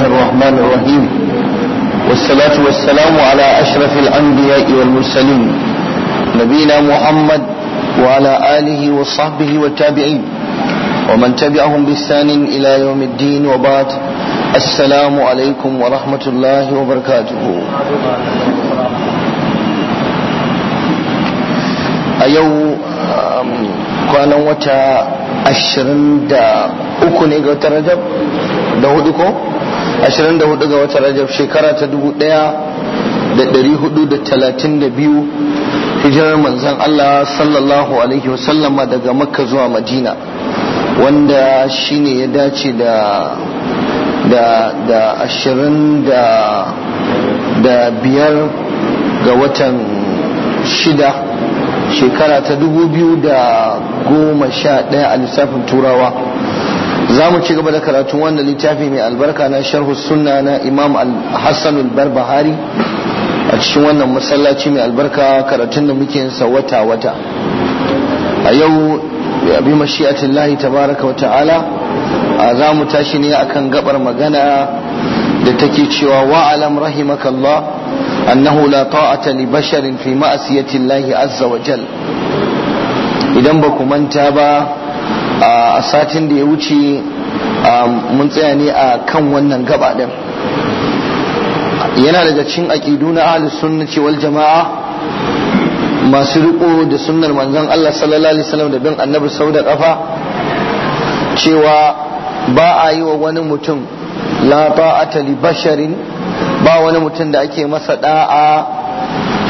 الرحمن الرحيم والصلاة والسلام على أشرف الأنبياء والمرسلين نبينا محمد وعلى آله وصحبه والتابعين ومن تبعهم بإحسان إلى يوم الدين وبعد السلام عليكم ورحمة الله وبركاته أيو كان وتا أشرن دا أكون إيجو ترجب دا هدوكو 24 ga watan rajab shekara ta 1432 hijirar manzan Allah sallallahu alaihi wasallama daga makka zuwa madina wanda shine ya dace da da da ashirin da da biyar ga watan shida shekara ta dubu biyu da goma sha ɗaya a lissafin turawa za mu ci gaba da karatun wannan littafi mai albarka na sharhu sunna na imam hassan al-barbahari a cikin wannan masallaci mai albarka karatun da muke yin wata-wata a yau bi mashi'atin lahi tabaraka wa ta'ala a za mu tashi ne akan gabar magana da take cewa wa wa'alam rahimakallah annahu la ta'ata li basharin fi ma'asiyatin lahi azza wa jal idan ba ku manta ba a satin da ya wuce mun tsaya ne a kan wannan gaba din yana daga cikin aƙidu na ahlus sunnati wal jama'a masu riko da sunnar manzon Allah sallallahu alaihi wasallam da bin annabi sau da kafa cewa ba a yi wa wani mutum la ta'ata li basharin ba wani mutum da ake masa da'a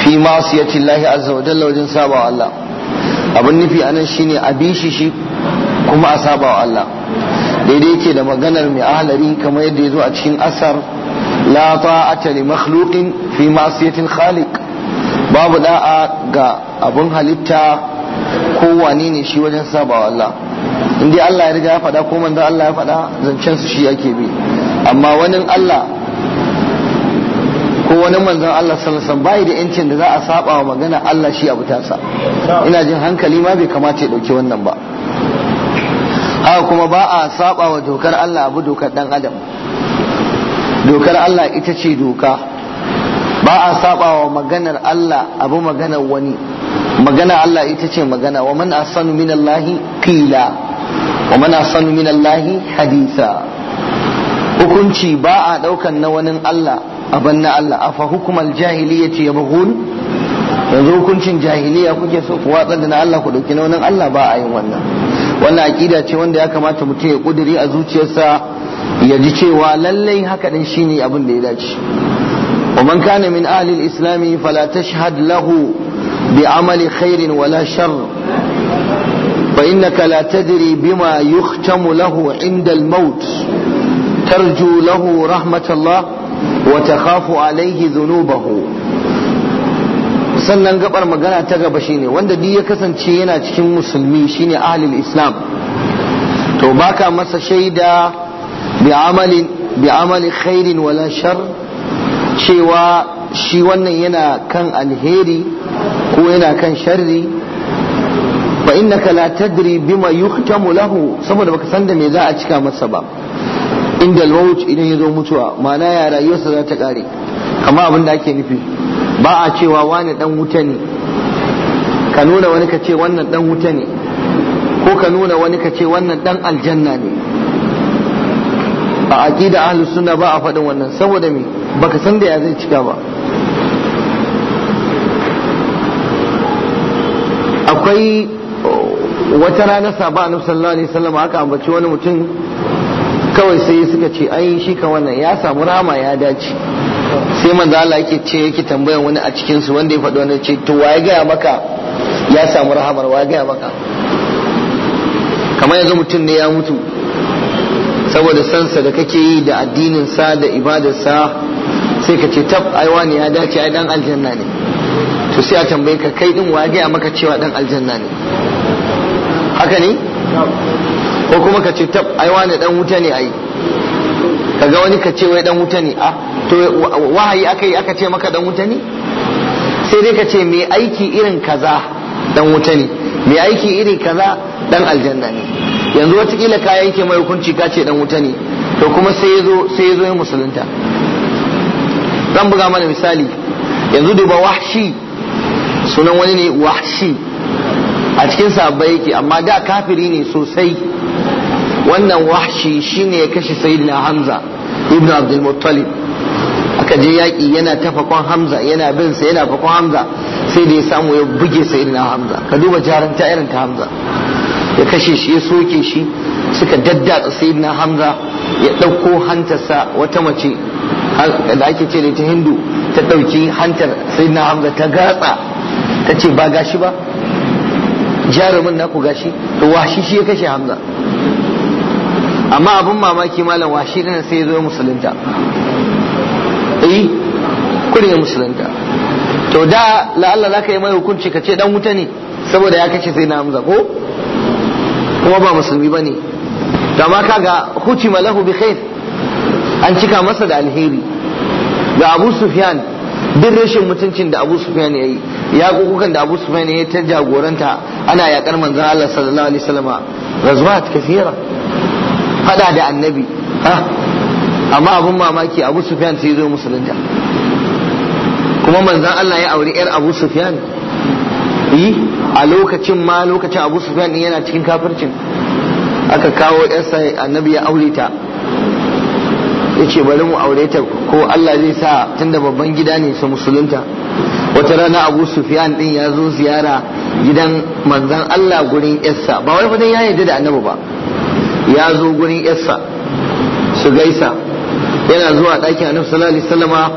fi masiyati Allah azza wa jalla wajen saba Allah abin nufi anan shine a bi shi kuma a saba wa Allah daidai ke da maganar mai ahalari kamar yadda ya zo a cikin asar la ta'ata li makhluqin fi ma'siyatin khaliq babu da'a ga abun halitta ko wane ne shi wajen saba wa Allah in Allah ya riga ya faɗa ko manzo Allah ya faɗa zancen su shi ake bi amma wani Allah ko wani manzon Allah sallallahu bai da yancin da za a saba wa magana Allah shi abu tasa ina jin hankali ma bai kamata ya dauki wannan ba haka kuma ba a saba wa dokar Allah abu dokar dan adam dokar Allah ita ce doka ba a saba wa maganar Allah abu maganar wani magana Allah ita ce magana wa man asanu min Allahi qila wa man asanu min Allahi haditha hukunci ba a daukan na wani Allah aban na Allah afa hukumal jahiliyyati yabghun yanzu hukuncin jahiliya kuke so ku watsar da na Allah ku dauki na wani Allah ba a yin wannan wannan aƙida ce wanda ya kamata mutum ya ƙudiri a zuciyarsa ya ji cewa lallai haka ɗin shine abin da ya dace ومن كان من أهل الإسلام فلا تشهد له بعمل خير ولا شر فإنك لا تدري بما يختم له عند الموت ترجو له رحمة الله وتخاف عليه ذنوبه sannan gabar magana ta gaba shine wanda duk ya kasance yana cikin musulmi shine ahlul islam to baka masa shaida bi amalin bi amali khairin wala shar cewa shi wannan yana kan alheri ko yana kan sharri fa innaka la tadri bima yuhtamu lahu saboda baka san da me za a cika masa ba inda al idan ya zo mutuwa ma'ana ya rayuwarsa za ta kare amma abin da ake nufi ba a cewa wani dan wuta ne ka nuna wani ka ce wannan dan wuta ne ko ka nuna wani ka ce wannan dan aljanna ne a aqida ahli sunna ba a faɗin wannan saboda me baka san da ya zai cika ba akwai wata rana saba annabi sallallahu alaihi wasallam aka ambaci wani mutum kawai sai suka ce ai shi ka wannan ya samu rama ya dace sai manzo Allah yake ce yake tambayan wani a cikin su wanda ya faɗi wani ce to waye gaya maka ya samu rahamar waye gaya maka kamar yanzu mutum ne ya mutu saboda sansa da kake yi da addinin sa da ibadarsa sai ka ce tab ai wani ya dace ai dan aljanna ne to sai a tambaye ka kai din waye gaya maka cewa dan aljanna ne haka ne ko kuma ka ce tab ai wani dan wuta ne ai kaga wani ka ce wai dan wuta ne a ah, to wahayi aka aka ce maka dan wuta ne sai dai ka ce mai aiki irin kaza dan wuta ne mai aiki irin kaza dan aljanna ne yanzu watakila ka yanke mai hukunci ka ce dan wuta ne to kuma sai ya zo sai ya musulunta zan buga mana misali yanzu duba wahshi sunan wani ne wahshi a cikin sahabbai yake amma da kafiri ne sosai wannan wahshi shine ya kashe sayyidina hamza ibn abdul muttalib aka je yaƙi yana ta fakon hamza yana bin sa yana fakon hamza sai da ya samu ya buge sa irin hamza ka duba jaranta irin ta hamza ya kashe shi ya soke shi suka daddatsa sayyidina hamza ya ɗauko hantarsa wata mace da ake ce da ta hindu ta ɗauki hantar sayyidina hamza ta gatsa ta ce ba gashi ba jarumin na ku gashi to washi shi ya kashe hamza amma abin mamaki malam washi ɗin sai ya zo musulunta yi eh, kure ya musulunta to da la'alla ka yi mai hukunci ka ce dan wuta ne saboda ya kace sai na hamza ko kuma ba musulmi bane to amma kaga huci malahu bi khair an cika masa da alheri ga Abu Sufyan duk rashin mutuncin da Abu Sufyan ya yi ya kukukan da Abu Sufyan ya ta jagoranta ana yakar manzon Allah sallallahu alaihi wasallam razwat kathira fada da annabi ha amma abun mamaki abu sufyan sai zo musulunta kuma manzan Allah ya auri yar abu sufyan yi a lokacin ma lokacin abu sufyan din yana cikin kafircin aka kawo yarsa annabi ya aure ta yace bari mu aure ta ko Allah zai sa tunda babban gida ne su musulunta wata rana abu sufyan din ya zo ziyara gidan manzan Allah gurin yarsa ba wai fa ya yarda da annabi ba ya zo gurin yarsa su gaisa yana zuwa ɗakin annabi sallallahu alaihi wasallama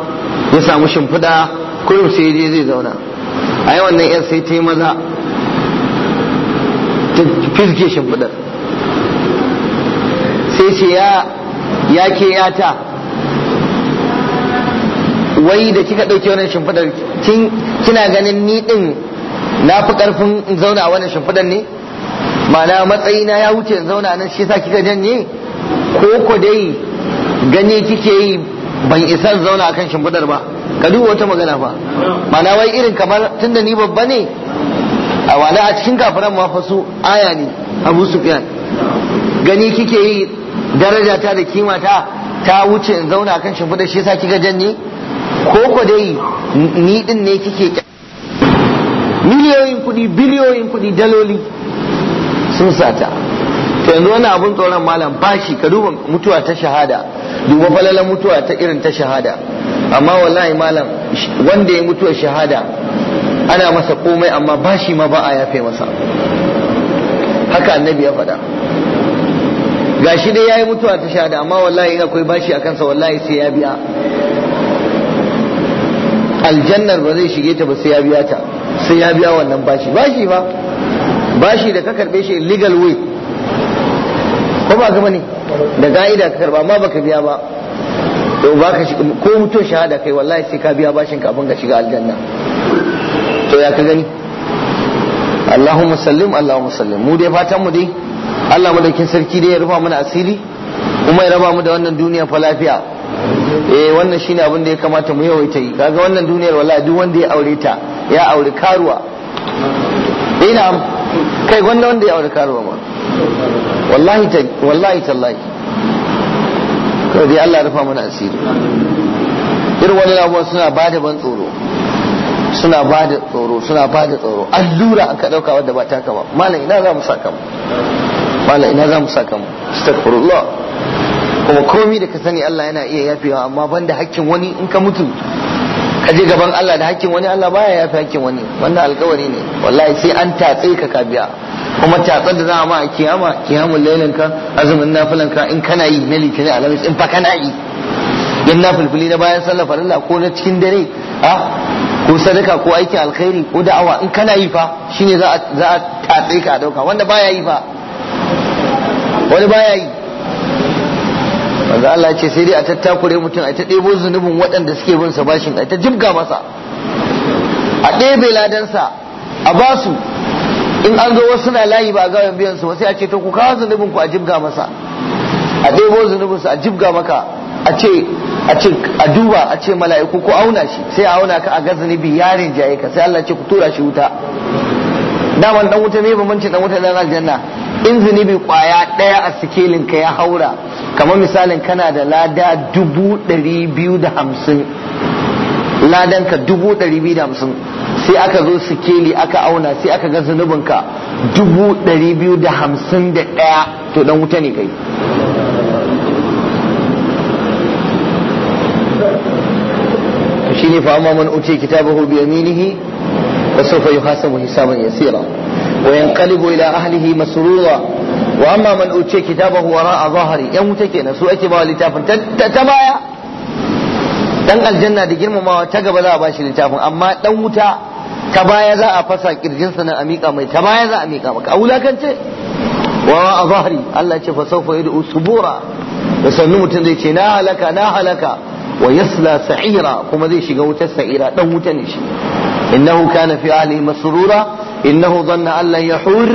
ya samu shimfiɗa kullum sai je zai zauna a yi wannan yar sai ta yi maza ta fizge shimfiɗar sai ce ya ya ke wai da kika ɗauke wannan shimfiɗar kina ganin ni ɗin na fi ƙarfin zauna a wannan shimfiɗar ne ma'ana matsayina ya wuce zauna nan shi sa kika janye ko ko dai gani kike yi ban isa zauna akan shimfidar ba ka duba wata magana ba mana wai irin kamar tunda ni babba ne a wala a cikin kafiran ma fa su aya ne abu sufyan gani kike yi daraja ta da kima ta ta wuce in zauna akan shimfidar shi yasa kika janni ko ko dai ni din ne kike miliyoyin kudi biliyoyin kudi daloli sun sata to yanzu wani abun tsoron malam bashi ka duba mutuwa ta shahada duba falalan mutuwa ta irin ta shahada amma wallahi malam wanda ya mutuwa shahada ana masa komai amma bashi ma ba a yafe masa haka annabi ya faɗa gashi dai yayi mutuwa ta shahada amma wallahi in akwai bashi a kansa wallahi sai ya biya aljannar ba zai shige ta ba sai ya biya ta sai ya biya wannan bashi bashi ba bashi da ka karbe shi legal way ko ba ka bane da ga'ida ka karba ma baka biya ba to baka ko mutum shahada kai wallahi sai ka biya bashin kafin ka shiga aljanna to ya ka gani Allahumma sallim Allahumma sallim mu dai fatan mu dai Allah madaukin sarki dai ya rufa mana asiri kuma ya raba mu da wannan duniya fa lafiya eh wannan shine abin da ya kamata mu yawaita yi kaga wannan duniyar wallahi duk wanda ya aure ta ya aure karuwa ina kai wanda wanda ya aure karuwa ma wallahi tallahi kawai dai Allah rufa mana asiri irin wani abubuwan suna ba da ban tsoro suna ba da tsoro suna ba da tsoro allura aka dauka wadda ba ta kama malam ina za mu saka mu malam ina za mu saka mu astaghfirullah kuma komai da ka sani Allah yana iya yafewa amma banda hakkin wani in ka mutu ka je gaban Allah da hakkin wani Allah baya yafe hakkin wani wannan alƙawari ne wallahi sai an tatse ka ka biya kuma tatsar da za a ma a kiyama kiyamun lailin ka azumin nafilanka ka in kana yi na litinin alamis in fa kana yi yan nafilfili na bayan sallar farilla ko na cikin dare a ah, ko sadaka ko aikin alkhairi ko da'awa in kana yi fa shine za a za a tatse ka dauka wanda baya yi fa wani baya yi manzo Allah ce sai dai a tattakure mutum a ta ɗebo zunubin waɗanda suke bin sa bashin a ta jibga masa a ɗebe ladansa a basu in an zo wasu na layi ba a biyan su ba sai a ce to ku kawo zunubin ku a jibga masa a ɗebo zunubin su a jibga maka a ce a ce a duba a ce mala'iku ko auna shi sai a auna ka a ga zunubi yarin jaye ka sai Allah ce ku tura shi wuta daman dan wuta ne bambancin dan wuta dan aljanna in zunubi kwaya daya a sikelin ka ya haura kamar misalin kana da lada dubu ɗari biyu da hamsin ladanka dubu ɗari biyu da hamsin sai aka zo su keli aka auna sai aka ga zunubinka dubu ɗari biyu da hamsin da ɗaya to dan wuta ne kai shi ne fa amma man uce kitabahu bi yaminihi fa sawfa yuhasabu hisaban yasira wa yanqalibu ila ahlihi masrura wa amma man uce kitabahu wara'a zahari yan wuta kenan su ake ba littafin ta baya dan aljanna da girmamawa ta gaba za a bashi littafin amma dan wuta ta baya za a fasa kirjinsa na amika mai ta baya za a mika maka a wulakance wa a zahari Allah ce fa sawfa yad'u subura da sannu mutum zai ce na halaka na halaka wa yasla sa'ira kuma zai shiga wutar sa'ira dan wuta ne shi innahu kana fi ahlihi masrura innahu dhanna an lan yahur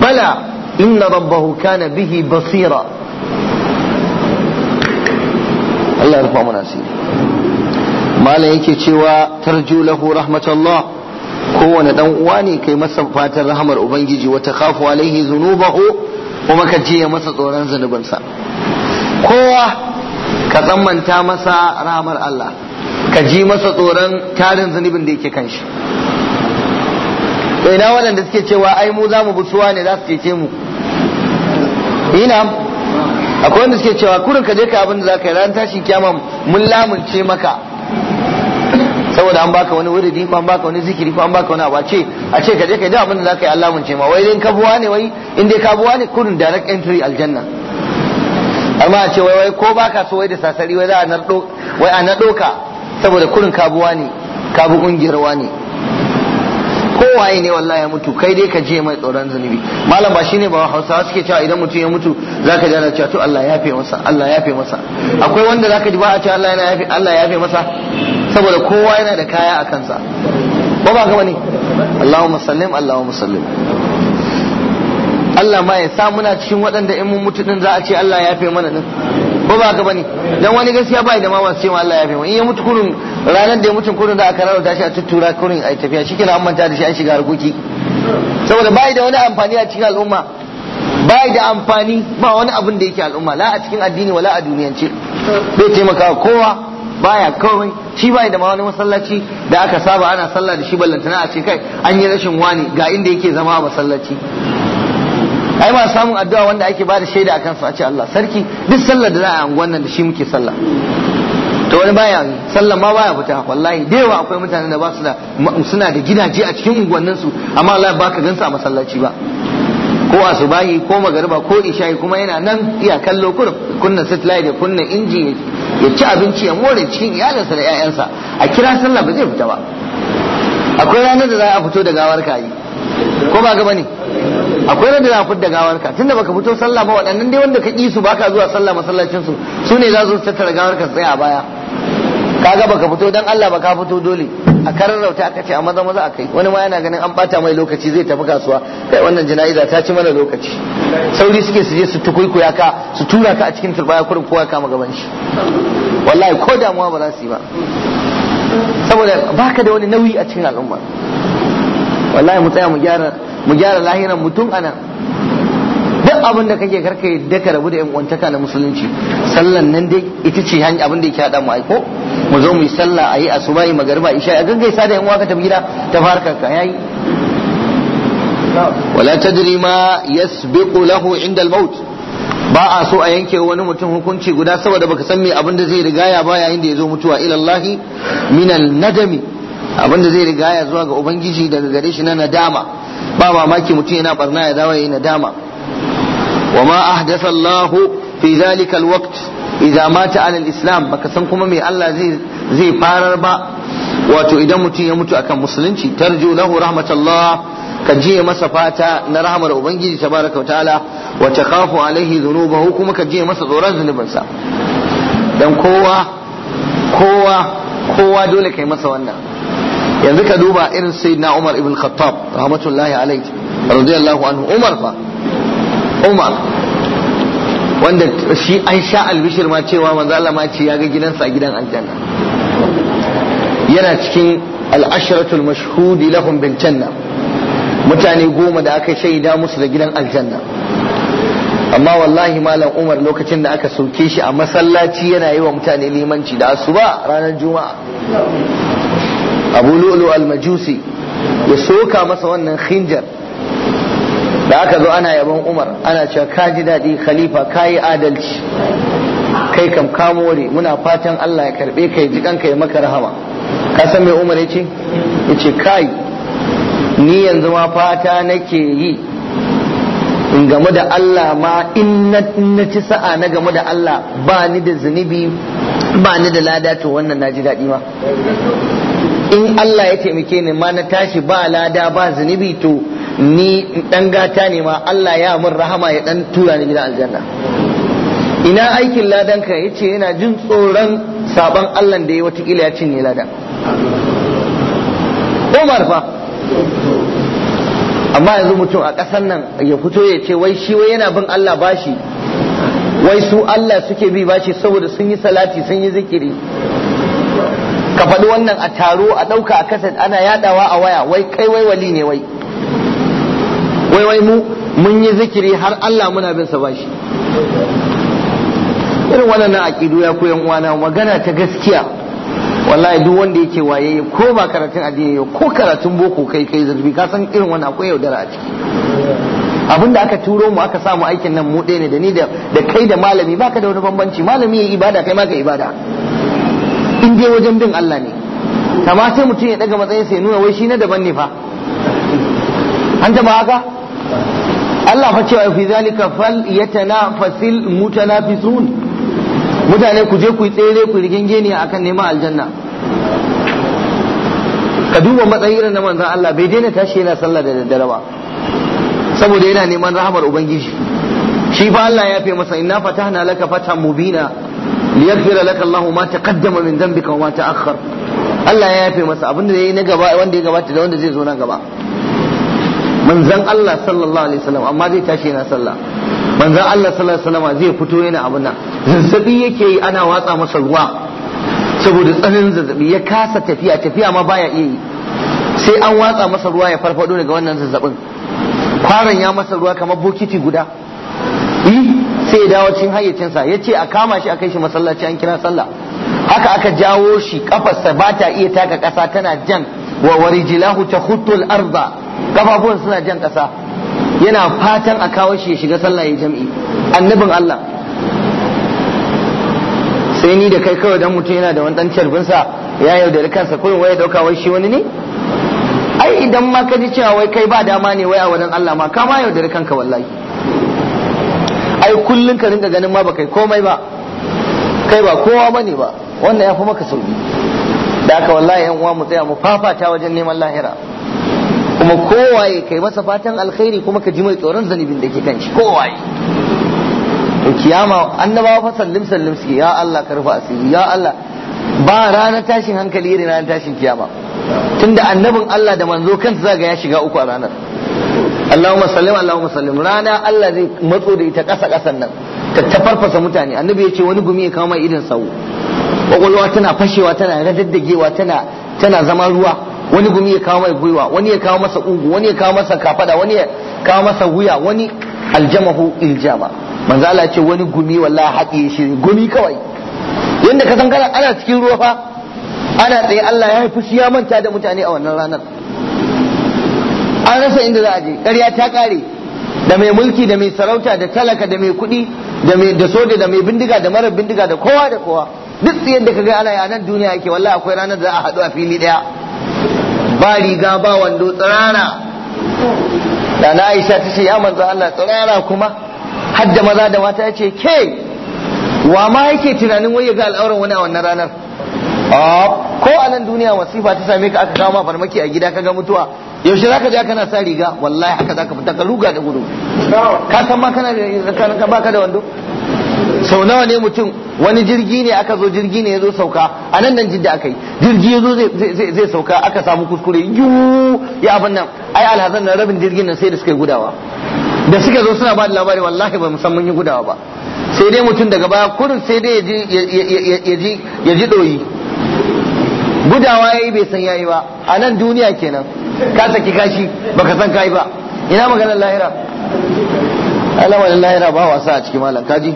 bala inna rabbahu kana bihi basira Allah ya rufa mana asiri malam yake cewa tarju lahu rahmatullah kowane dan uwa ne kai masa fatan rahmar ubangiji wa takhafu alaihi dhunubahu kuma ka ji ya masa tsoron zunubinsa kowa ka tsammanta masa rahmar Allah ka ji masa tsoron tarin zunubin da yake kan shi to ina waɗanda suke cewa ai mu zamu mu busuwa ne za su cece mu ina akwai wanda suke cewa kurin ka je ka abin da za yi ran tashin kiyama mun lamunce maka saboda an baka wani wuridi ko an baka wani zikiri ko an baka wani abu ce a ce ka je ka ji abin da zaka yi Allah mun ce ma wai in ka buwa ne wai in dai ka buwa ne kun direct entry aljanna amma a ce wai wai ko baka so wai da sasari wai za a nardo wai a nardo ka saboda kurin ka buwa ne ka bu kungiyar wani kowaye ne wallahi ya mutu kai dai ka je mai tsoron zunubi malam ba shine ba hausawa suke cewa idan mutum ya mutu zaka jana cewa to Allah ya yafe masa Allah ya yafe masa akwai wanda zaka ji ba a ce Allah yana yafe Allah ya yafe masa saboda kowa yana da kaya a kansa ba ba ga ne Allahumma sallim Allahumma sallim Allah ma ya sa muna cikin waɗanda in mun mutu din za a ce Allah ya yafe mana din ba ba ka bane dan wani gaskiya ba da ma masu cewa Allah ya fi in ya mutu kurun ranar da ya mutu kurun da aka rarrauta shi a tuttura kurun ai tafiya shikenan an manta da shi an shiga harkoki saboda bai da wani amfani a cikin al'umma bai da amfani ba wani abin da yake al'umma la a cikin addini wala a duniyance bai taimaka kowa baya kawai shi bai da wani masallaci da aka saba ana sallah da shi ballantana a ce kai an yi rashin wani ga inda yake zama a masallaci ai ba samun addu'a wanda ake ba da shaida akan su a ce Allah sarki duk sallar da za a anguwan nan da shi muke sallah to wani baya sallar ma baya fita wallahi da yawa akwai mutanen da ba su da suna da gidaje a cikin unguwannin su amma Allah ba ka gansa a masallaci ba ko asubahi ko magariba ko isha'i kuma yana nan iya kallo kunna satellite da kunna inji ya ci abinci ya more cikin iyalinsa da sa a kira sallah ba zai fita ba akwai ranar da za a fito da gawar kayi ko ba gaba ne akwai wanda za a gawar ka tunda baka fito sallah ba waɗannan dai wanda ka ƙi su baka zuwa sallah masallacin su su ne za su tattara gawar ka tsaya a baya kaga baka fito dan Allah baka fito dole a kararrauta aka ce a maza maza a kai wani ma yana ganin an bata mai lokaci zai tafi kasuwa kai wannan jana'iza ta ci mana lokaci sauri suke su je su tukuikuya ka su tura ka a cikin turbaya kurin kowa kama gaban shi wallahi ko damuwa ba za su yi ba saboda baka da wani nauyi a cikin al'umma wallahi mu tsaya mu gyara mu gyara lahiran mutum ana duk abin da kake karka yadda ka rabu da yan uwantaka na musulunci sallan nan dai ita ce hanya abin da yake hada mu aiko mu zo mu yi sallah ayi asuba'i magariba isha a gaggaisa da yan uwa ka tafi ta fara ka yayi wala tadri ma yasbiqu lahu inda al-maut ba a so a yanke wani mutum hukunci guda saboda baka san me abin da zai riga ba yayin da ya zo mutuwa ila Allah nadami abin da zai rigaya zuwa ga ubangiji daga gare shi na nadama ba mamaki mutum yana barna ya dawo yayi nadama wa ma ahdasallahu Allah fi zalika alwaqt idza mata ala Islam. baka san kuma me Allah zai zai farar ba wato idan mutum ya mutu akan musulunci tarju lahu rahmatullah ka je masa fata na rahmar ubangiji tabaraka ta'ala wa takhafu alaihi dhunubahu kuma ka je masa tsoron zunubansa dan kowa kowa kowa dole kai masa wannan yanzu ka duba irin sayyidina Umar ibn Khattab rahmatullahi alayhi radiyallahu anhu Umar fa Umar wanda shi an sha albishir ma cewa manzo Allah ma ce ya ga gidansa a gidan aljanna yana cikin al mashhudi lahum bil janna mutane goma da aka shaida musu da gidan aljanna amma wallahi malam Umar lokacin da aka sauke shi a masallaci yana yi wa mutane limanci da asuba ranar juma'a abu lu'lu al-majusi ya soka masa wannan khinjar da aka zo ana yabon umar ana cewa ka ji daɗi khalifa ka yi adalci kai kam ka more muna fatan allah ya karɓe kai ji kanka ya maka rahama ka san mai umar ya ce ya ce kai ni yanzu ma fata nake yi in game da allah ma in na ci sa'a na game da allah ba ni da zunubi ba ni da lada to wannan na ji daɗi ma in Allah ya taimake ni ma na tashi ba lada ba zunubi to ni dan gata ne ma Allah ya mun rahama ya dan tura ni gidan aljanna ina aikin ladan ka yace yana jin tsoron saban Allah da ya watakila ya cinye ladan Umar fa amma yanzu mutum a ƙasar nan ya fito ya ce wai shi wai yana bin Allah bashi wai su Allah suke bi bashi saboda sun yi salati sun yi zikiri ka faɗi wannan a taro a ɗauka a kaset ana yaɗawa a waya wai kai wai wali ne wai wai wai mu mun yi zikiri har Allah muna bin sa bashi irin wannan aqidu ya koyan uwana magana ta gaskiya wallahi duk wanda yake waye ko ba karatun addini ko karatun boko kai kai zurbi ka san irin wannan akwai yaudara a ciki abinda aka turo mu aka samu aikin nan mu ɗaya ne da ni da kai da malami baka da wani bambanci malami ya ibada kai ma ka ibada in dai wajen bin Allah ne amma sai mutum ya daga matsayin sai nuna wai shi na daban ne fa an taba haka Allah fa cewa fi zalika fal yatanafasil mutanafisun mutane ku je ku yi tsere ku ne akan neman aljanna ka duba matsayin na manzon Allah bai daina tashi yana sallah da daddare ba saboda yana neman rahamar ubangiji shi fa Allah ya fi masa inna fatahna laka fatan mubina liyaghfira laka Allahu ma taqaddama min dhanbika wa ma ta'akhkhar Allah ya yafe masa abinda yayi na gaba wanda ya gabata da wanda zai zo nan gaba manzan Allah sallallahu alaihi wasallam amma zai tashi yana sallah manzan Allah sallallahu alaihi wasallam zai fito yana abin nan zazzabi yake yi ana watsa masa ruwa saboda tsananin zazzabi ya kasa tafiya tafiya ma baya iya yi sai an watsa masa ruwa ya farfado daga wannan zazzabin kwaron ya masa ruwa kamar bokiti guda sai ya dawo cikin hayyacinsa ya ce a kama shi a kai shi masallaci an kira sallah haka aka jawo shi kafarsa ba ta iya taka ƙasa tana jan wa warijilahu ta hutul arba kafafuwan suna jan ƙasa yana fatan a kawo shi ya shiga sallah ya jam'i annabin Allah sai ni da kai kawai dan mutum yana da wani dan carbinsa ya yaudari kansa kullum wai ya dauka wai shi wani ne ai idan ma ka ji cewa wai kai ba dama ne wai a wurin Allah ma ka ma yaudari kanka wallahi ai kullun ka rinka ganin ma ba kai komai ba kai ba kowa bane ba wannan ya fi maka sauki da aka wallahi yan uwa mu tsaya mu fafata wajen neman lahira kuma kowaye kai masa fatan alkhairi kuma ka ji mai tsoron zanibin da ke kan shi kowaye to kiyama annabawa fa sallim sallim suke ya Allah ka rufa asiri ya Allah ba ranar tashin hankali irin ranar tashin kiyama tunda annabin Allah da manzo kansa zaga ya shiga uku a ranar Allahumma sallim Allahumma sallim rana Allah zai matso da ita ƙasa ƙasan nan ta tafarfasa mutane annabi ya ce wani gumi ya kawo mai irin sawu kwakwalwa tana fashewa tana radaddagewa tana tana zama ruwa wani gumi ya kawo mai gwiwa wani ya kawo masa ugu wani ya kawo masa kafada wani ya kawo masa wuya wani aljamahu iljama manzo Allah ce wani gumi wallahi haƙi shi gumi kawai yanda ka san kana ana cikin ruwa fa ana tsaye Allah ya fushi ya manta da mutane a wannan ranar an rasa inda za a je ƙarya ta ƙare da mai mulki da mai sarauta da talaka da mai kuɗi da mai da soja da mai bindiga da marar bindiga da kowa da kowa duk da kaga ana yi a nan duniya yake wallahi akwai ranar da za a haɗu a fili ɗaya ba riga ba wando tsirara da na Aisha ta ce ya manzo Allah tsirara kuma hadda maza da mata ya ce ke wa ma yake tunanin wai ya ga al'auran wani a wannan ranar ah, ko a nan duniya masifa ta same ka aka kama ma farmaki a gida ka ga mutuwa yaushe zaka je kana sa riga wallahi haka zaka fita ka ruga da gudu ka san ma kana da baka da wando sau nawa ne mutum wani jirgi ne aka zo jirgi ne ya zo sauka a nan nan jidda aka yi jirgi ya zo zai sauka aka samu kuskure yiwu ya abin nan ai alhazan na rabin jirgin nan sai da suka yi gudawa da suka zo suna ba da labari wallahi ba musamman yi gudawa ba sai dai mutum daga baya kurin sai dai ya ji ɗoyi. gudawa yi bai san yayi ba a nan duniya kenan ka saki kashi baka san kai ba ina maganar lahira Allah wani lahira ba wasa a cikin malam kaji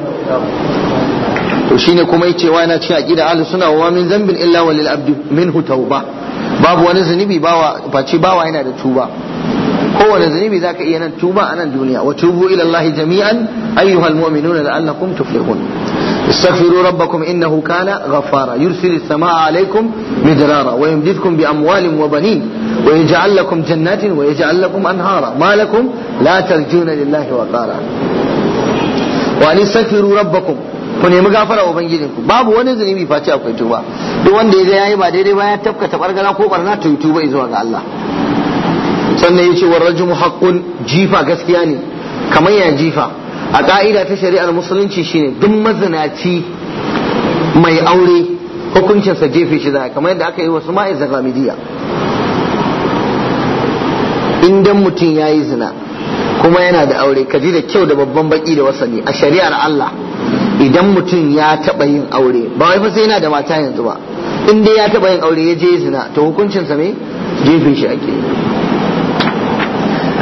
to shine kuma yace wa yana cikin aqida ahlus sunna wa min zambin illa walil min minhu tauba babu wani zunubi bawa face bawa yana da tuba kowane zunubi zaka iya nan tuba a nan duniya wa tubu ila Allah jami'an ayyuhal mu'minuna la'allakum tuflihun استغفروا ربكم إنه كان غفارا يرسل السماء عليكم مدرارا ويمددكم بأموال وبنين ويجعل لكم جنات ويجعل لكم أنهارا ما لكم لا ترجون لله وقارا وأن استغفروا ربكم ku nemi gafara wa ku babu wani zunubi face akwai tuba duk wanda ya yayi ba daidai ba ya tafka bargana ko barna to tuba zuwa ga Allah sannan yace warrajmu haqqun jifa gaskiya ne kamar ya jifa a ka'ida ta shari'ar musulunci shine duk mazinaci mai aure hukuncinsa jefe shi za kamar yadda aka yi wasu ma'aizar ramidiya indan mutum ya yi zina kuma yana da aure kaji da kyau da babban baki da wasani a shari'ar Allah idan mutum ya taɓa yin aure ba wai fa sai yana da mata yanzu ba in dai ya taɓa yin aure ya je zina to hukuncinsa me jefe shi ake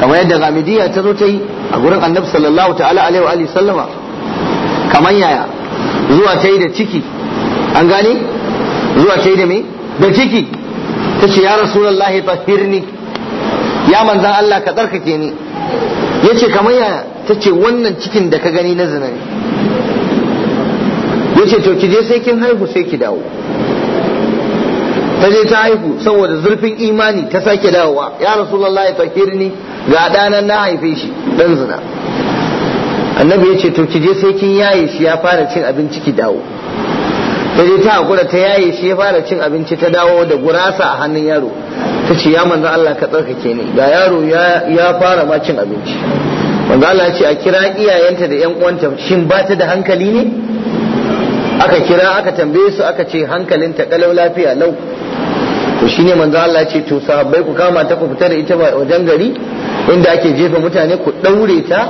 kamar yadda gamidiyya ta zo ta yi a gurin annabi sallallahu ta'ala alaihi wa alihi sallama kamar yaya zuwa ta yi da ciki an gane zuwa ta yi da me da ciki ta ce ya rasulullahi tahirni ya manzan Allah ka tsarkake ni ya ce kamar yaya ta ce wannan cikin da ka gani na zina ne ya ce to ki je sai kin haihu sai ki dawo ta je ta haihu saboda zurfin imani ta sake dawowa ya rasulullahi tahirni ga ɗanan na haife shi ɗan zina annabi ya ce to ki je sai kin yaye shi ya fara cin abinci ki dawo ta je ta hakura ta yaye shi ya fara cin abinci ta dawo da gurasa a hannun yaro ta ce ya manzo Allah ka tsarkake ni ga yaro ya fara ma cin abinci manzo Allah ya ce a kira iyayenta da yan uwanta shin ba ta da hankali ne aka kira aka tambaye su aka ce hankalinta kalau lafiya lau to shine manzo Allah ce to sahabbai ku kama ta ku fita da ita wajen gari inda ake jefa mutane ku daure ta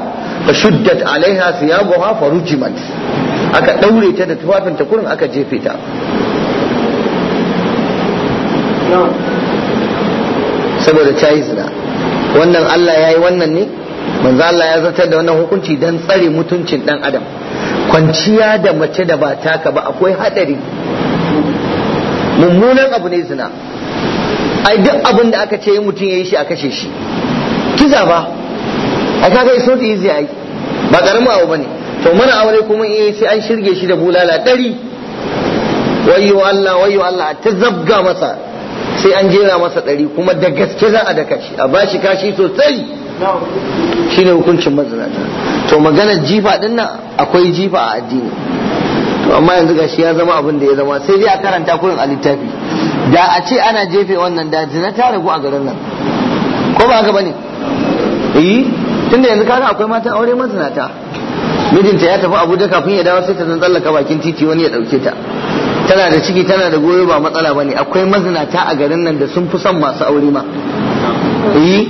fa shuddat alaiha siyabuha farujimat aka daure ta da tufafin ta kurin aka jefe ta saboda ta yi zina wannan Allah ya yi wannan ne manzo Allah ya zartar da wannan hukunci don tsare mutuncin dan adam kwanciya da mace da ba taka ba akwai hadari mummunan abu ne zina ai duk abin da aka ce mutum ya yi shi a kashe shi kisa ba a kaka yi not izi ai ba karamin abu bane to mana aure kuma in sai an shirge shi da bulala ɗari wayo Allah wayo Allah ta zabga masa sai an jera masa ɗari kuma da gaske za a daka shi a bashi kashi sosai shine hukuncin mazinata to magana jifa din nan akwai jifa a addini to amma yanzu gashi ya zama abin da ya zama sai dai a karanta kurin a littafi da a ce ana jefe wannan da zina ta ragu a garin nan ko ba haka bane eh tunda yanzu kaga akwai matan aure mazinata mijinta ya tafi abuja kafin ya dawo sai ta zan tsallaka bakin titi wani ya dauke ta tana da ciki tana da goyo ba matsala bane akwai mazinata a garin nan da sun fi son masu aure ma eh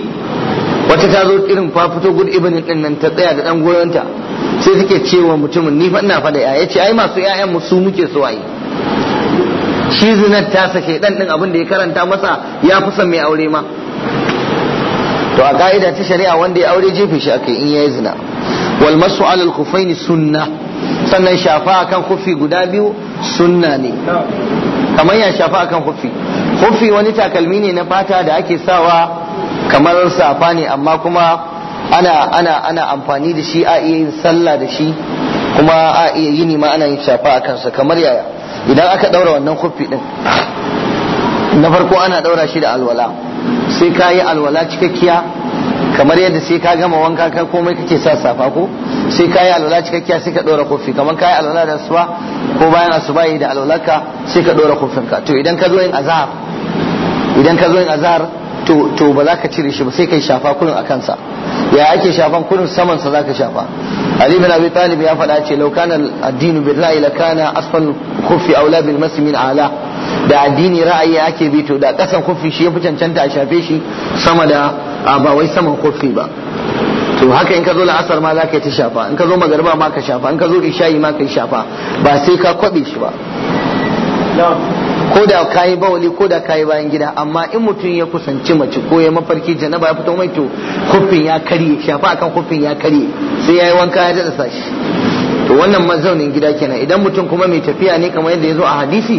wata ta zo irin fa fito good evening din nan ta tsaya da dan goyonta sai take cewa mutumin ni fa ina fada yaya ai masu yayan mu su muke so ai shi zinar ta sake dan din abin da ya karanta masa ya fi son mai aure ma to a ka'ida ta shari'a wanda ya aure jefe shi akai in yayi zina wal masu alal kufaini sunna sannan shafa akan kufi guda biyu sunna ne kamar ya shafa akan kufi kufi wani takalmi ne na fata da ake sawa kamar safa ne amma kuma ana ana ana amfani da shi a iya yin sallah da shi kuma a iya yini ma ana yin shafa akan sa kamar yaya idan aka daura wannan kofi din na farko ana daura shi da alwala sai ka yi alwala cikakkiya kamar yadda sai ka gama wanka kai komai kake sa safa ko sai ka yi alwala cikakkiya sai ka ɗaura kofi kamar ka yi alwala da asuba ko bayan asuba yi da alwalarka sai ka dora ka to idan ka zo yin azhar idan ka zo yin azhar to to ba za ka cire shi ba sai kai shafa kullun a kansa ya ake shafan kudin saman sa zaka shafa ali bin abi talib ya faɗa ce law kana addinu din billahi la kana asfal khuffi aula bil mas min ala da addini ra'ayi ake bi to da kasan khuffi shi yafi cancanta a shafe shi sama da ba wai saman khuffi ba to haka in ka zo la'asar ma zaka yi ta shafa in ka zo magariba ma ka shafa in ka zo isha'i ma ka shafa ba sai ka kwabe shi ba ko da kayi bawali ko da kayi bayan gida amma in mutum ya kusanci mace ko ya mafarki janaba ya fito mai to kufin ya karye shafa akan kufin ya karye sai yayi wanka ya dada sashi to wannan mazaunin gida kenan idan mutum kuma mai tafiya ne kamar yadda ya zo a hadisi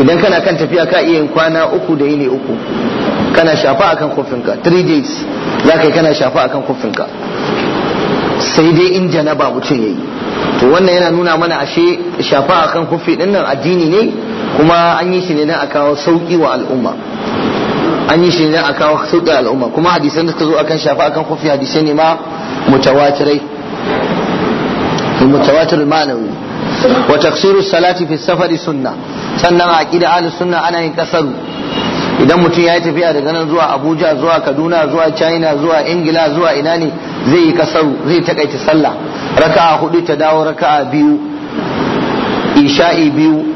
idan kana kan tafiya ka iya yin kwana uku da yini uku kana shafa akan ka 3 days za ka yi kana shafa akan ka. sai dai in janaba mutum ya yi to wannan yana nuna mana ashe shafa akan kufi din nan addini ne kuma an yi shi ne don a kawo sauki wa al'umma an yi shi ne a kawo sauki wa al'umma kuma hadisan da suka zo akan shafa akan kofi hadisai ne ma mutawatirai mutawatir ma'anawi wa tafsiru salati fi safari sunna sannan a aqida ahli sunna ana yin kasaru idan mutum ya yi tafiya daga nan zuwa abuja zuwa kaduna zuwa china zuwa ingila zuwa ina ne zai yi kasaru zai takaita sallah raka'a hudu ta dawo raka'a biyu isha'i biyu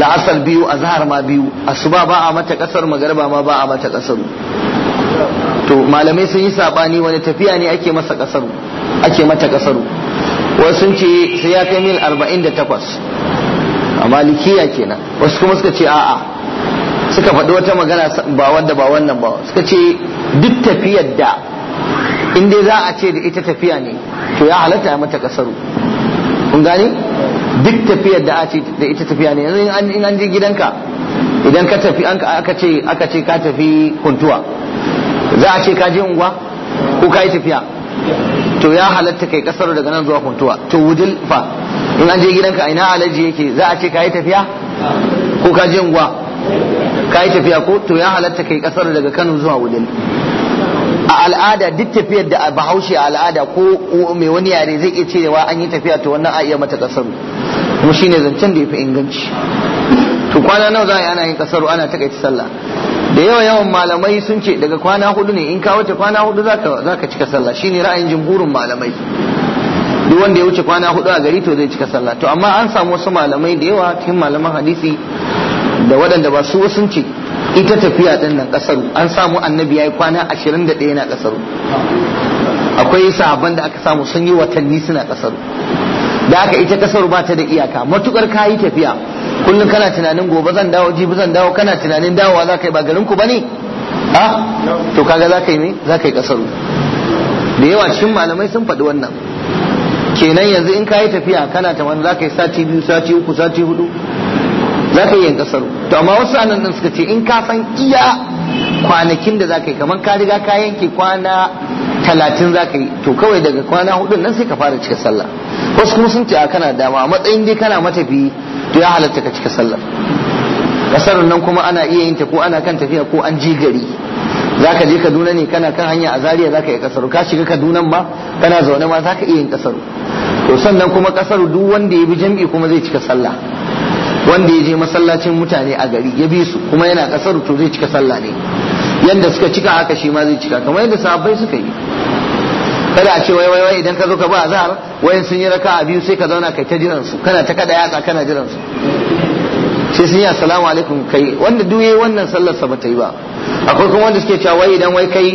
la'asar biyu azhar ma biyu asuba ba a mata kasar magarba ma ba a mata kasar to malamai sun yi sabani wani tafiya ne ake masa kasar ake mata kasar wasu sun ce sai ya kai mil 48 a malikiya kenan wasu kuma suka ce a'a suka faɗi wata magana ba wanda ba wannan ba suka ce duk tafiyar da in dai za a ce da ita tafiya ne to ya halatta ya mata kasaru kun gani duk tafiyar da ake da ita tafiya ne yanzu in an je gidanka idan ka tafi aka ce aka ce ka tafi kuntuwa za a ce ka je unguwa ko ka yi tafiya to ya halatta kai kasar daga nan zuwa kuntuwa to wudil fa in an je gidanka a ina alaji yake za a ce ka yi tafiya ko ka je unguwa ka yi tafiya ko to ya halatta kai kasar daga Kano zuwa wudil a al'ada duk tafiyar da bahaushe a al'ada ko mai wani yare zai iya cewa an yi tafiya to wannan a iya mata kasaru kuma shine zancen da fi inganci to kwana nawa za a yi ana yin kasaru ana takaita sallah da yawa yawan malamai sun ce daga kwana hudu ne in ka wuce kwana hudu za ka cika sallah shine ra'ayin jumhurin malamai duk wanda ya wuce kwana hudu a gari to zai cika sallah to amma an samu wasu malamai da yawa cikin malaman hadisi da waɗanda ba su sun ce ita tafiya din nan kasaru an samu annabi yayi kwana 21 na kasaru akwai sahabban da aka samu sun yi watanni suna kasaru da haka ita kasar ba ta da iyaka matukar ka yi tafiya kullum kana tunanin gobe zan dawo jibi zan dawo kana tunanin dawowa za ka yi ba garin ku ne a to kaga za ka yi ne za ka yi kasaru da yawa shi malamai sun faɗi wannan kenan yanzu in ka yi tafiya kana ta wani za ka yi sati biyu sati uku sati hudu za ka yi yan kasaru to amma wasu anan din suka ce in ka san iya kwanakin da za ka yi kamar ka riga ka yanke kwana talatin za ka yi to kawai daga kwana hudun nan sai ka fara cika sallah wasu kuma sun ce a kana dama a matsayin dai kana matafi to ya halatta ka cika sallah kasar nan kuma ana iya yin ta ko ana kan tafiya ko an ji gari za ka je kaduna ne kana kan hanya a zariya za ka yi kasaru ka shiga kadunan ma kana zaune ma za ka iya yin kasaru to sannan kuma kasar duk wanda ya bi jam'i kuma zai cika sallah wanda ya je masallacin mutane a gari ya bi su kuma yana kasaru to zai cika sallah ne yanda suka cika haka shi ma zai cika kamar yadda sahabbai suka yi kada a ce wai wai wai idan ka zo ka ba azhar wayan sun yi raka'a biyu sai ka zauna kai ta jiran su kana ta kada yatsa kana jiran su sai sun yi assalamu alaikum kai wanda duk yayi wannan sallar sa bata yi ba akwai kuma wanda suke cewa wai idan wai kai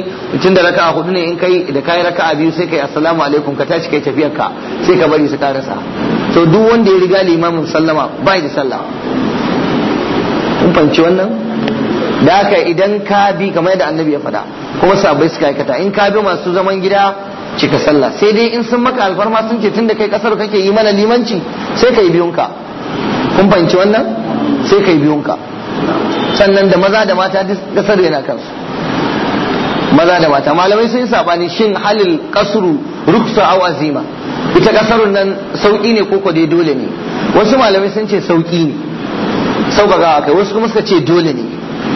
tun da raka'a hudu ne in kai da kai raka'a biyu sai kai assalamu alaikum ka tashi kai tafiyar ka sai ka bari su karasa to duk wanda ya riga limamin sallama bai da sallah kun fanci wannan da haka idan ka bi kamar yadda annabi ya faɗa kuma sabai suka aikata in ka bi masu zaman gida cika sallah sai dai in sun maka alfarma sun ce tunda kai kasar kake yi mana limanci sai ka biyun biyunka kun fahimci wannan sai ka biyun biyunka sannan da maza da mata duk kasar yana kansu maza da mata malamai sun yi sabani shin halil kasru ruksa au azima ita kasar nan sauki ne ko dai dole ne wasu malamai sun ce sauki ne gawa kai wasu kuma suka ce dole ne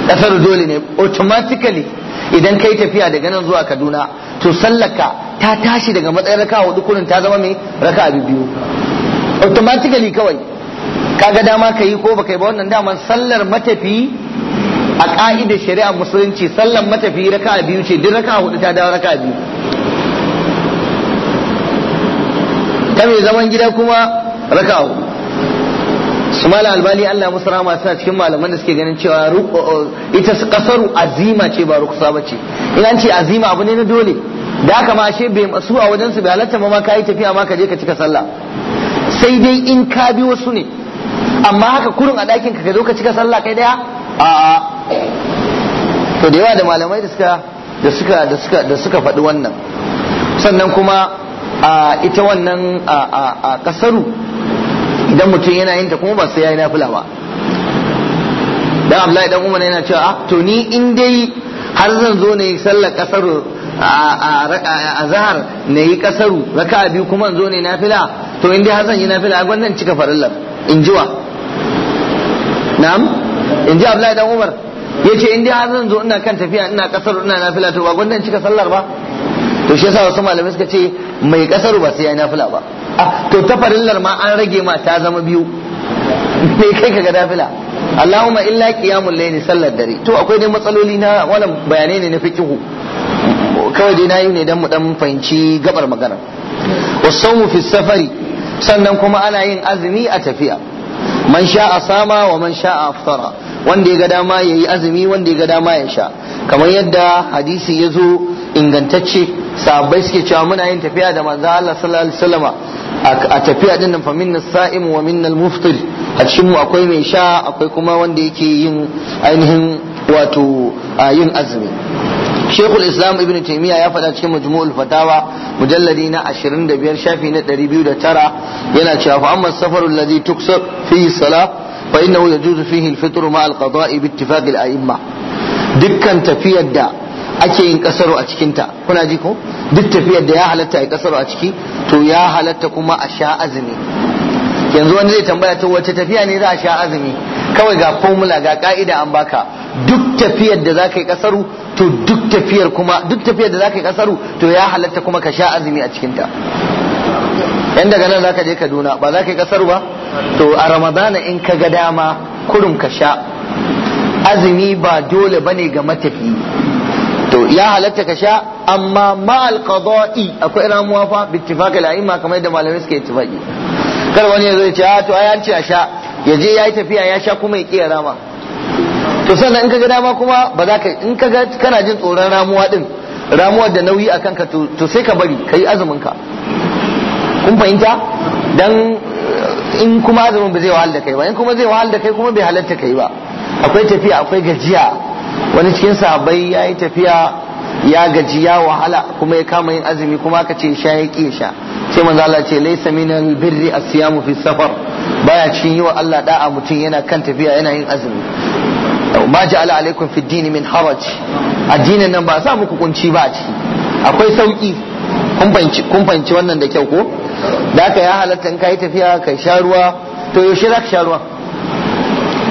kasar dole ne automatically idan kai tafiya daga nan zuwa kaduna to sallaka ta tashi daga matsayin raka hudu kurin ta zama mai raka abu biyu automatically kawai kaga dama ka yi ko baka yi ba wannan daman sallar matafi a ka'idar shari'a musulunci sallar matafi raka biyu ce duk raka hudu ta dawo raka biyu ta mai zaman gida kuma raka hudu su mala albali Allah musu rama suna cikin malaman da suke ganin cewa ita kasaru azima ce ba rukusa ba ce in ce azima abu ne na dole da aka ma ashe bai masu a wajensu su bai halatta ma ka yi tafiya ma ka je ka cika sallah sai dai in ka bi wasu ne amma haka kurun a ɗakin ka zo ka cika sallah kai daya a to da yawa da malamai da suka da suka da suka da suka faɗi wannan sannan kuma a ita wannan a kasaru idan mutum yana yin ta kuma ba sai yayi nafila ba dan Abdullahi dan Umar yana cewa ah, to ni in dai har zan zo ne sallar kasar a zahar na yi kasaru raka biyu kuma zo ne nafila to in dai har zan yi nafila wannan cika farillar in jiwa na'am in ji Abdullahi dan Umar yace in dai har zan zo ina kan tafiya ina kasaru ina nafila to ba wannan cika sallar ba to shi yasa wasu malamai suka ce mai kasaru ba sai ya nafila ba ah, to ta farillar ma an rage ma ta zama biyu me kai kaga nafila Allahumma illa qiyamul layli sallar dare to akwai dai matsaloli na wannan bayanai ne na fiqhu kawai dai nayi ne dan mu dan fahimci gabar magana wasawmu fi safari sannan kuma ana yin azumi a tafiya man sha'a sama wa man sha'a aftara wanda ya ga dama ya yi azumi wanda ya ga dama ya sha kamar yadda hadisi ya zo ingantacce sahabbai suke cewa muna yin tafiya da manzo Allah sallallahu alaihi wasallama a tafiya din nan fa minna sa'im wa minna al-muftir a cikin mu akwai mai sha akwai kuma wanda yake yin ainihin wato yin azumi Sheikhul Islam Ibn Taymiyyah ya faɗa cikin Majmu'ul Fatawa mujalladi na 25 shafi na 209 yana cewa fa amma safarul ladhi tuksa fi salat فإنه يجوز فيه الفطر مع القضاء باتفاق الأئمة دكا تفيد الداء ake yin kasaro a cikinta kuna ji ko duk tafiyar da ya halatta a kasaro a ciki to ya halatta kuma a sha azumi yanzu wani zai tambaya to wace tafiya ne za a sha azumi kawai ga formula ga ka'ida an baka duk tafiyar da zaka yi kasaru to duk tafiyar kuma duk tafiyar da zaka yi kasaru to ya halatta kuma ka sha azumi a cikin ta yan daga nan zaka je Kaduna ba za ka yi kasar ba to a Ramadana in ka ga dama kurum ka sha azumi ba dole ba ne ga matafi to ya halatta ka sha amma ma alqada'i akwai ramuwa fa bittifaqi la'imma kamar da malamai suke tufaki kar wani ya zo ya ce ah, to ai an a sha ya je yayi tafiya ya sha kuma ya kiyar rama to sannan in ka ga dama kuma ba za ka in ka ga kana jin tsoron ramuwa din ramuwa da nauyi akan ka to sai ka bari ka azumin ka kun fahimta dan eh, in kuma azumin ba zai wahala da kai ba in kuma zai wahal da kai kuma bai halatta kai ba akwai tafiya akwai gajiya wani cikin sahabbai ya yi tafiya ya gaji ya wahala kuma ya kama yin azumi kuma aka ce sha ya sha sai manzo Allah ce laysa minal birri asiyamu fi safar baya cin yi wa Allah da'a mutum yana kan tafiya yana yin azumi ma ja'ala alaikum fi dini min haraj addinin nan ba sa muku kunci ba a ciki akwai sauki kun fahimci wannan da kyau ko da ka ya halatta in yi tafiya ka sha ruwa to yaushe za ka sha ruwa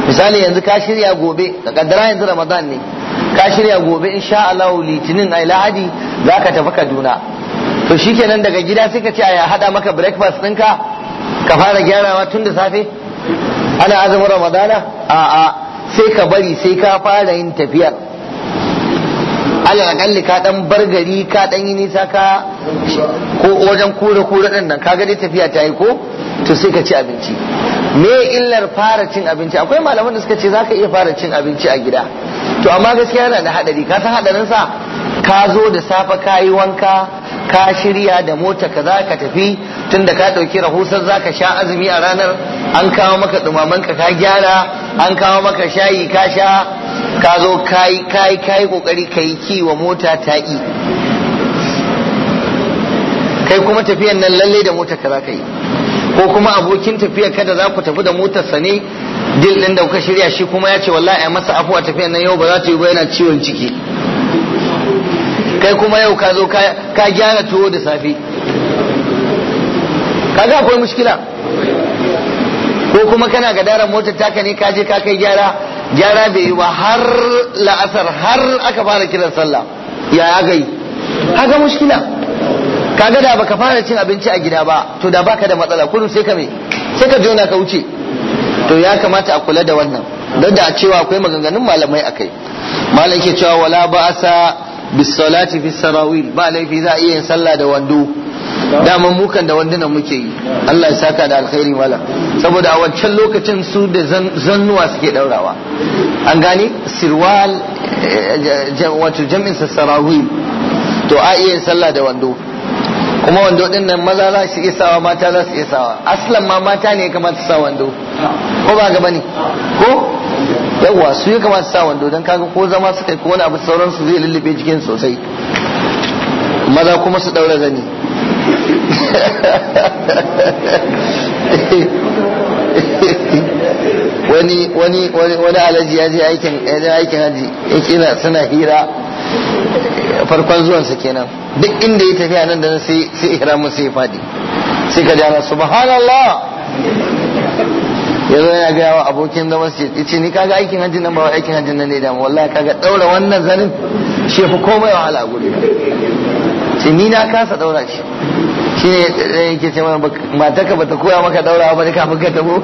misali yanzu ka shirya gobe da kaddara yanzu ramadan ne ka shirya gobe in sha Allah litinin a lahadi za ka tafi kaduna to shi kenan daga gida sai ka ce a ya hada maka breakfast ɗinka ka fara gyarawa tun da safe ana azumin ramadana a'a sai ka bari sai ka fara yin tafiyar alal akalli ka dan bar gari ka dan yi nisa ka ko wajen kura kura din nan kaga dai tafiya ta yi ko to sai ka ci abinci me illar fara cin abinci akwai malaman da suka ce za ka iya fara cin abinci a gida to amma gaskiya yana da haɗari ka san hadarin sa ka zo da safe ka yi wanka ka shirya da mota ka za ka tafi tunda ka ɗauki rahusar za ka sha azumi a ranar an kawo maka ɗumamanka ka gyara an kawo maka shayi ka sha ka zo kai kai kai kokari kai ki wa mota ta yi kai kuma tafiyan nan lalle da mota ka za ka yi ko kuma abokin tafiyar kada za ku tafi da motar sa ne dil din da kuka shirya shi kuma ya ce wallahi ai masa afuwa tafiyan nan yau ba za ta yi ba yana ciwon ciki kai kuma yau ka zo ka gyara tuwo da safe kaga akwai mushkila ko kuma kana gadaran motar taka ne ka je ka kai gyara gyara bai yi ba har la'asar har aka fara kiran sallah ya ya gai haka mushkila kaga da baka fara cin abinci a gida ba to da baka da matsala kudu sai ka me sai ka jona ka wuce to ya kamata a kula da wannan don da cewa akwai maganganun malamai kai. malam ke cewa wala ba'asa bis salati fi sarawil ba laifi za a iya yin sallah da wando dama mukan da wandunan muke yi Allah ya saka da alkhairi wala saboda a wancan lokacin su da zannuwa suke daurawa an gani sirwal eh, wato jam'in sassarawi to a iya sallah da wando kuma wando din nan maza za su iya sawa mata za su iya sawa aslan ma mata ne ya kamata sa wando ko ba gaba ne ko yawa su ya kamata sa wando dan kaga ko zama suka yi ko wani abu sauran su zai lullube jikin sosai maza kuma su daura zani wani wani wani alaji ya je aikin aikin haji kina suna hira farkon zuwansa kenan duk inda ya tafiya nan da nan sai sai ihramin sai ya fadi sai ka jana subhanallah ya zo ya gaya wa abokin zama su ce ni kaga aikin hajji nan ba wa aikin hajji nan ne da wallahi kaga daura wannan zanin shi fi komai wahala a guri ce ni na kasa daura shi shi ne ɗaya yake ce mana mataka bata koya maka daura ba kafin ka tabo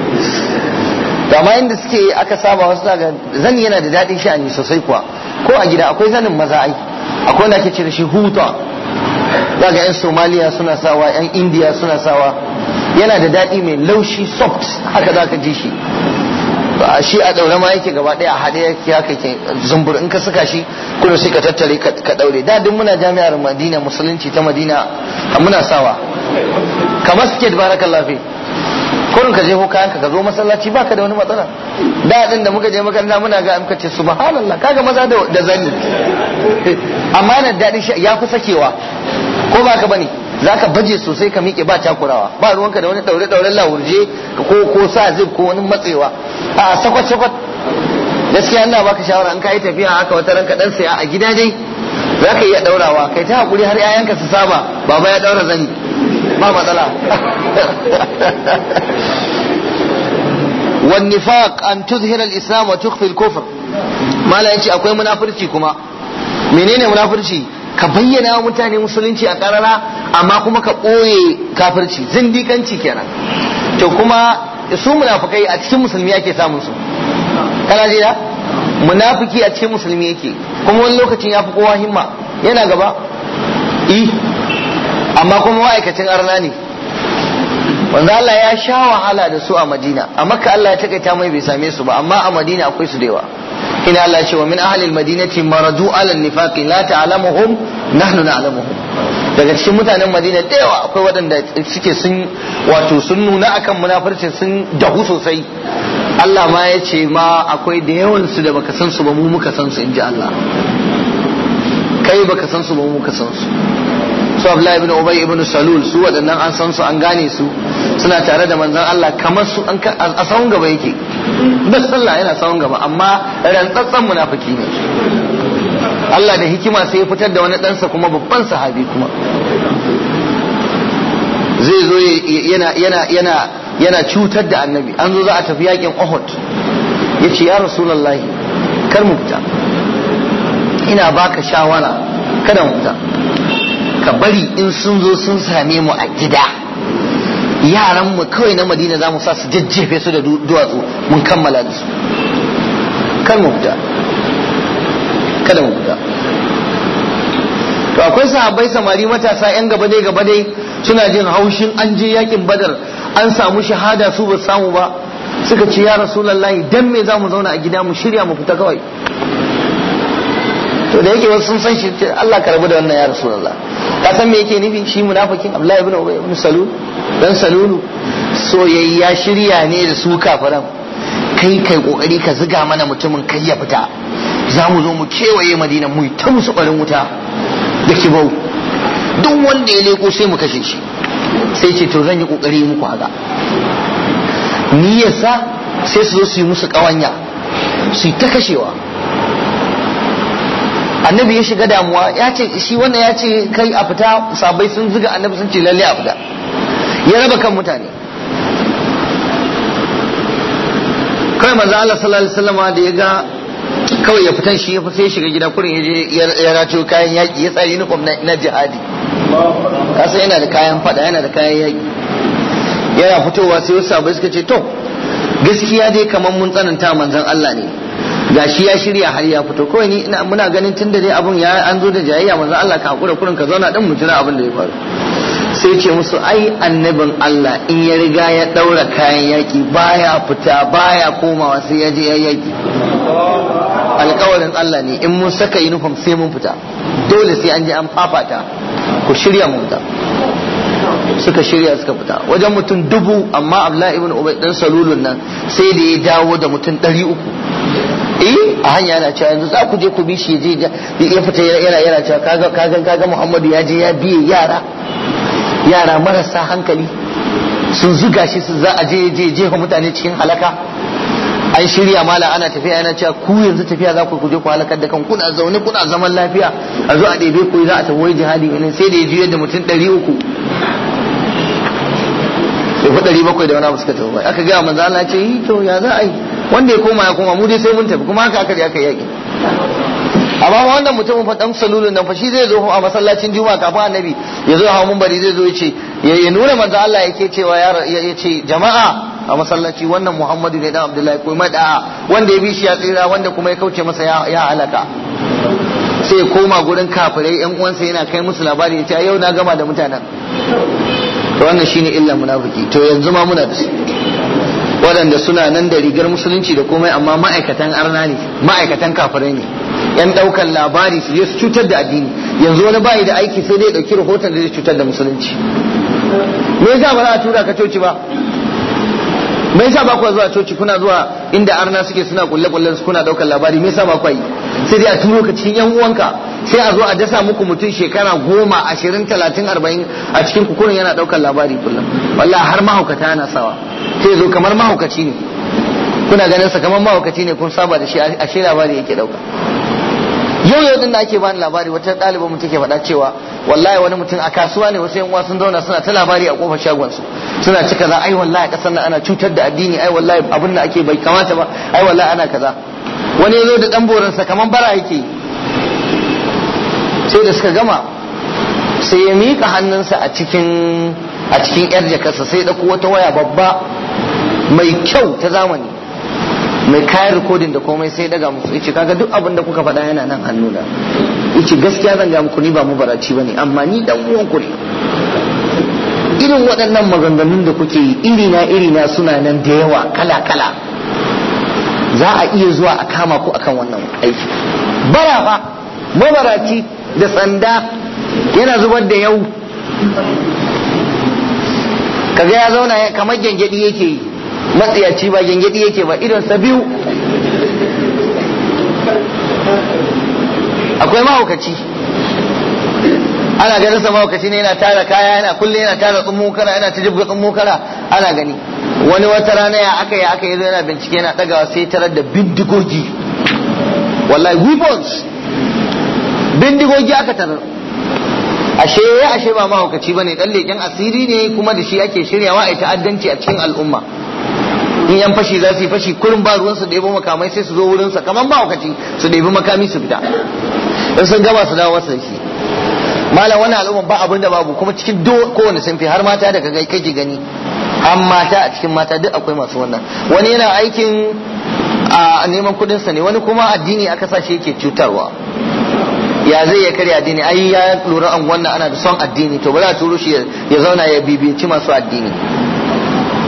amma inda suke aka saba wasu daga zani yana da daɗin sha'ani sosai kuwa ko a gida akwai zanin maza ai akwai wanda ake cire shi huta daga yan somaliya suna sawa yan indiya suna sawa yana da daɗi mai laushi soft haka za ka ji shi ba shi a ɗaure ma yake gaba daya a haɗe yake haka ke zumbur in ka saka shi kudu sai ka tattare ka daure da duk muna jami'ar madina musulunci ta madina muna sawa kamar suke barakallahu fi kurin ka je ko kayanka ka zo masallaci baka da wani matsala daɗin da muka je makaranta muna ga muka ce subhanallah kaga maza da zani amma yana daɗin ya fi sakewa ko ba ka bane za ka baje sosai ka miƙe ba takurawa ba ruwanka da wani daure dauren lawurje ko ko sa zib ko wani matsewa a sakwat sakwat gaskiya Allah baka shawara in ka yi tafiya haka wata ranka dan saya a gida dai za ka iya daurawa kai ta hakuri har 'ya'yanka su saba baba ya daura zani ba matsala والنفاق أن islam wa وتخفي الكفر ما لا يجي akwai munafurci kuma. Menene munafurci? ka bayyana wa mutane musulunci a karara amma kuma ka ɓoye kafirci zindikanci kenan to kuma su munafukai a cikin musulmi ake samun su kana je da munafiki a cikin musulmi yake kuma wani lokacin ya fi kowa himma yana gaba i eh. amma kuma ma'aikacin arna ne wanda Allah ya sha wahala da su a Madina a Makka Allah ya takaita mai bai same su ba amma a Madina akwai su da yawa ina Allah wa min ahlil madinati maradu ala nifaqi la ta'lamuhum nahnu na'lamuhum daga cikin mutanen madina da yawa akwai waɗanda suke sun wato sun nuna akan munafurci sun dahu sosai Allah ma ya ce ma akwai da yawan su da baka san su ba mu muka san su inji Allah kai baka san su ba mu muka san su su Abdullahi ibn Ubay ibn Salul su waɗannan an san su an gane su suna tare da manzon Allah kamar su an a sahun gaba yake bas sallah yana sahun gaba amma rantsatsan munafiki ne Allah da hikima sai ya fitar da wani ɗansa kuma babban sahabi kuma zai zo yana yana yana yana cutar da annabi an zo za a tafi yakin Uhud yace ya rasulullahi kar mu fita ina baka shawara kada mu fita ka bari in sun zo sun same mu a gida yaran mu kawai na madina za mu sa su jajjefe su da duwatsu mun kammala da su Kan mu kada mu to akwai sahabbai samari matasa yan gaba dai gaba dai suna jin haushin an je yakin badar an samu shahada su ba samu ba suka ce ya rasulullahi dan me za mu zauna a gida mu shirya mu fita kawai to da yake wasu sun san shi Allah ka rabu da wannan ya rasulullah ka san me yake nufi shi munafikin Abdullahi ibn Ubay ibn Salul dan Salulu soyayya shirya ne da su kafiran kai kai kokari ka ziga mana mutumin kai ya fita za mu zo mu kewaye Madina mu ta musu barin wuta da kibau duk wanda ya leko sai mu kashe shi sai ce to zan yi kokari muku haka yasa sai su zo su yi musu kawanya su yi ta kashewa annabi ya shiga damuwa ya ce shi wannan ya ce kai a fita sabai sun zuga annabi sun ce lalle a fita ya raba kan mutane kai maza Allah sallallahu alaihi wasallam da ya ga kawai ya fitan shi ya fi sai ya shiga gida kurin ya je ya rato kayan yaki ya tsare uniform na jihadi kasa yana da kayan fada yana da kayan yaki yana fitowa sai wasu sabai suka ce to gaskiya dai kamar mun tsananta manzon Allah ne gashi ya shirya har ya fito kawai ni muna ganin tun da dai abun ya an zo da jayayya manzo Allah ka hakura kurin ka zauna din mu jira abin da ya faru sai ce musu ai annabin Allah in ya riga ya daura kayan yaki baya fita baya komawa sai ya je yaki Alƙawarin Allah ne in mun saka uniform sai mun fita dole sai an je an fafata ku shirya mu fita suka shirya suka fita wajen mutum dubu amma Abdullahi ibn Ubay dan salulun nan sai da ya dawo da mutum ɗari uku eh a hanya yana cewa yanzu za ku je ku bi shi je ya fita yana yana cewa kaga kaga kaga Muhammadu ya je ya biye yara yara marasa hankali sun zuga shi su za a je je je mutane cikin halaka an shirya mala ana tafiya yana cewa ku yanzu tafiya za ku je ku halaka da kan kuna zaune kuna zaman lafiya a zo a ɗebe ku za a tafi wai jihadi ne sai da ya juya da mutum ɗari uku bai fi ɗari bakwai da wani abu suka tafi aka gaya manzo Allah ce yi to ya za a yi wanda ya koma ya koma mu dai sai mun tafi kuma haka aka je aka yaki amma wannan mutumin fa dan salulun nan fa shi zai zo a masallacin juma'a kafin annabi ya zo hawo bari zai zo ya ce ya nuna manzo Allah yake cewa ya ce jama'a a masallaci wannan Muhammadu ne dan Abdullahi ko mada wanda ya bi shi ya tsira wanda kuma ya kauce masa ya halaka sai ya koma gurin kafirai yan uwansa yana kai musu labari ya ce yau na gama da mutanen to wannan shine illan munafiki to yanzu ma muna da shi waɗanda suna nan da rigar musulunci da komai amma ma'aikatan arna ne ma'aikatan kafare ne yan ɗaukar labari su je su cutar da addini yanzu wani bayi da aiki sai dai ɗauki rahoton da zai cutar da musulunci me yasa ba za a tura ka coci ba me yasa ba ku zuwa coci kuna zuwa inda arna suke suna kulle kullen su kuna ɗaukar labari me yasa ba ku yi sai dai a turo ka cikin yan uwanka sai a zo a dasa muku mutum shekara goma ashirin talatin arba'in a cikin kukurin yana daukar labari kullum wallahi har mahaukata yana sawa sai zo kamar mahaukaci ne kuna ganin sa kamar mahaukaci ne kun saba da shi a shi labari yake dauka yau yau din da ake bani labari wata ɗaliba mu take faɗa cewa wallahi wani mutum a kasuwa ne wasu yan uwa sun zauna suna ta labari a kofar shagon su suna cika za ai wallahi kasan nan ana cutar da addini ai wallahi abin da ake bai kamata ba ai wallahi ana kaza wani ya zo da dan boransa kamar bara yake yi sai da suka gama sai ya miƙa hannunsa a cikin a cikin yar jakarsa sai ɗauko wata waya babba mai kyau ta zamani mai kayan rikodin da komai sai daga musu ice kaga duk abin da kuka faɗa yana nan hannuna ice gaskiya zan ga muku ni ba mubaraci ne amma ni dan uwan ku ne irin waɗannan maganganun da kuke yi irina irina suna nan da yawa kala kala za a iya zuwa a kama ku akan wannan aiki bara fa mubaraci da sanda yana zubar da yau kaga ya zauna kamar gyangyaɗi yake yi matsiyaci ba gyangyaɗi yake ba sa biyu akwai mahaukaci ana ganin sa mahaukaci ne yana tara kaya yana kulle yana tara tsummo kana yana ta jibga tsummo kana ana gani wani wata rana ya aka yi aka yi yana bincike yana ɗagawa sai tarar da bindigogi wallahi weapons bindigogi aka tarar ashe ya ashe ba mahaukaci bane dan leken asiri ne kuma da shi ake shiryawa a ta'addanci a cikin al'umma in yan fashi za su yi fashi kurin ba ruwan su da makamai sai su zo wurin sa kaman mahaukaci su ɗebi makami su fita in sun gaba su dawo wasa shi malam wani al'umma ba abin da babu kuma cikin kowane fi har mata da kaga kake gani an mata a cikin mata duk akwai masu wannan wani yana aikin a neman sa ne wani kuma addini aka sa shi yake cutarwa ya zai ya karya addini ai ya lura an wannan ana da son addini to ba za a turo shi ya zauna ya bibici masu addini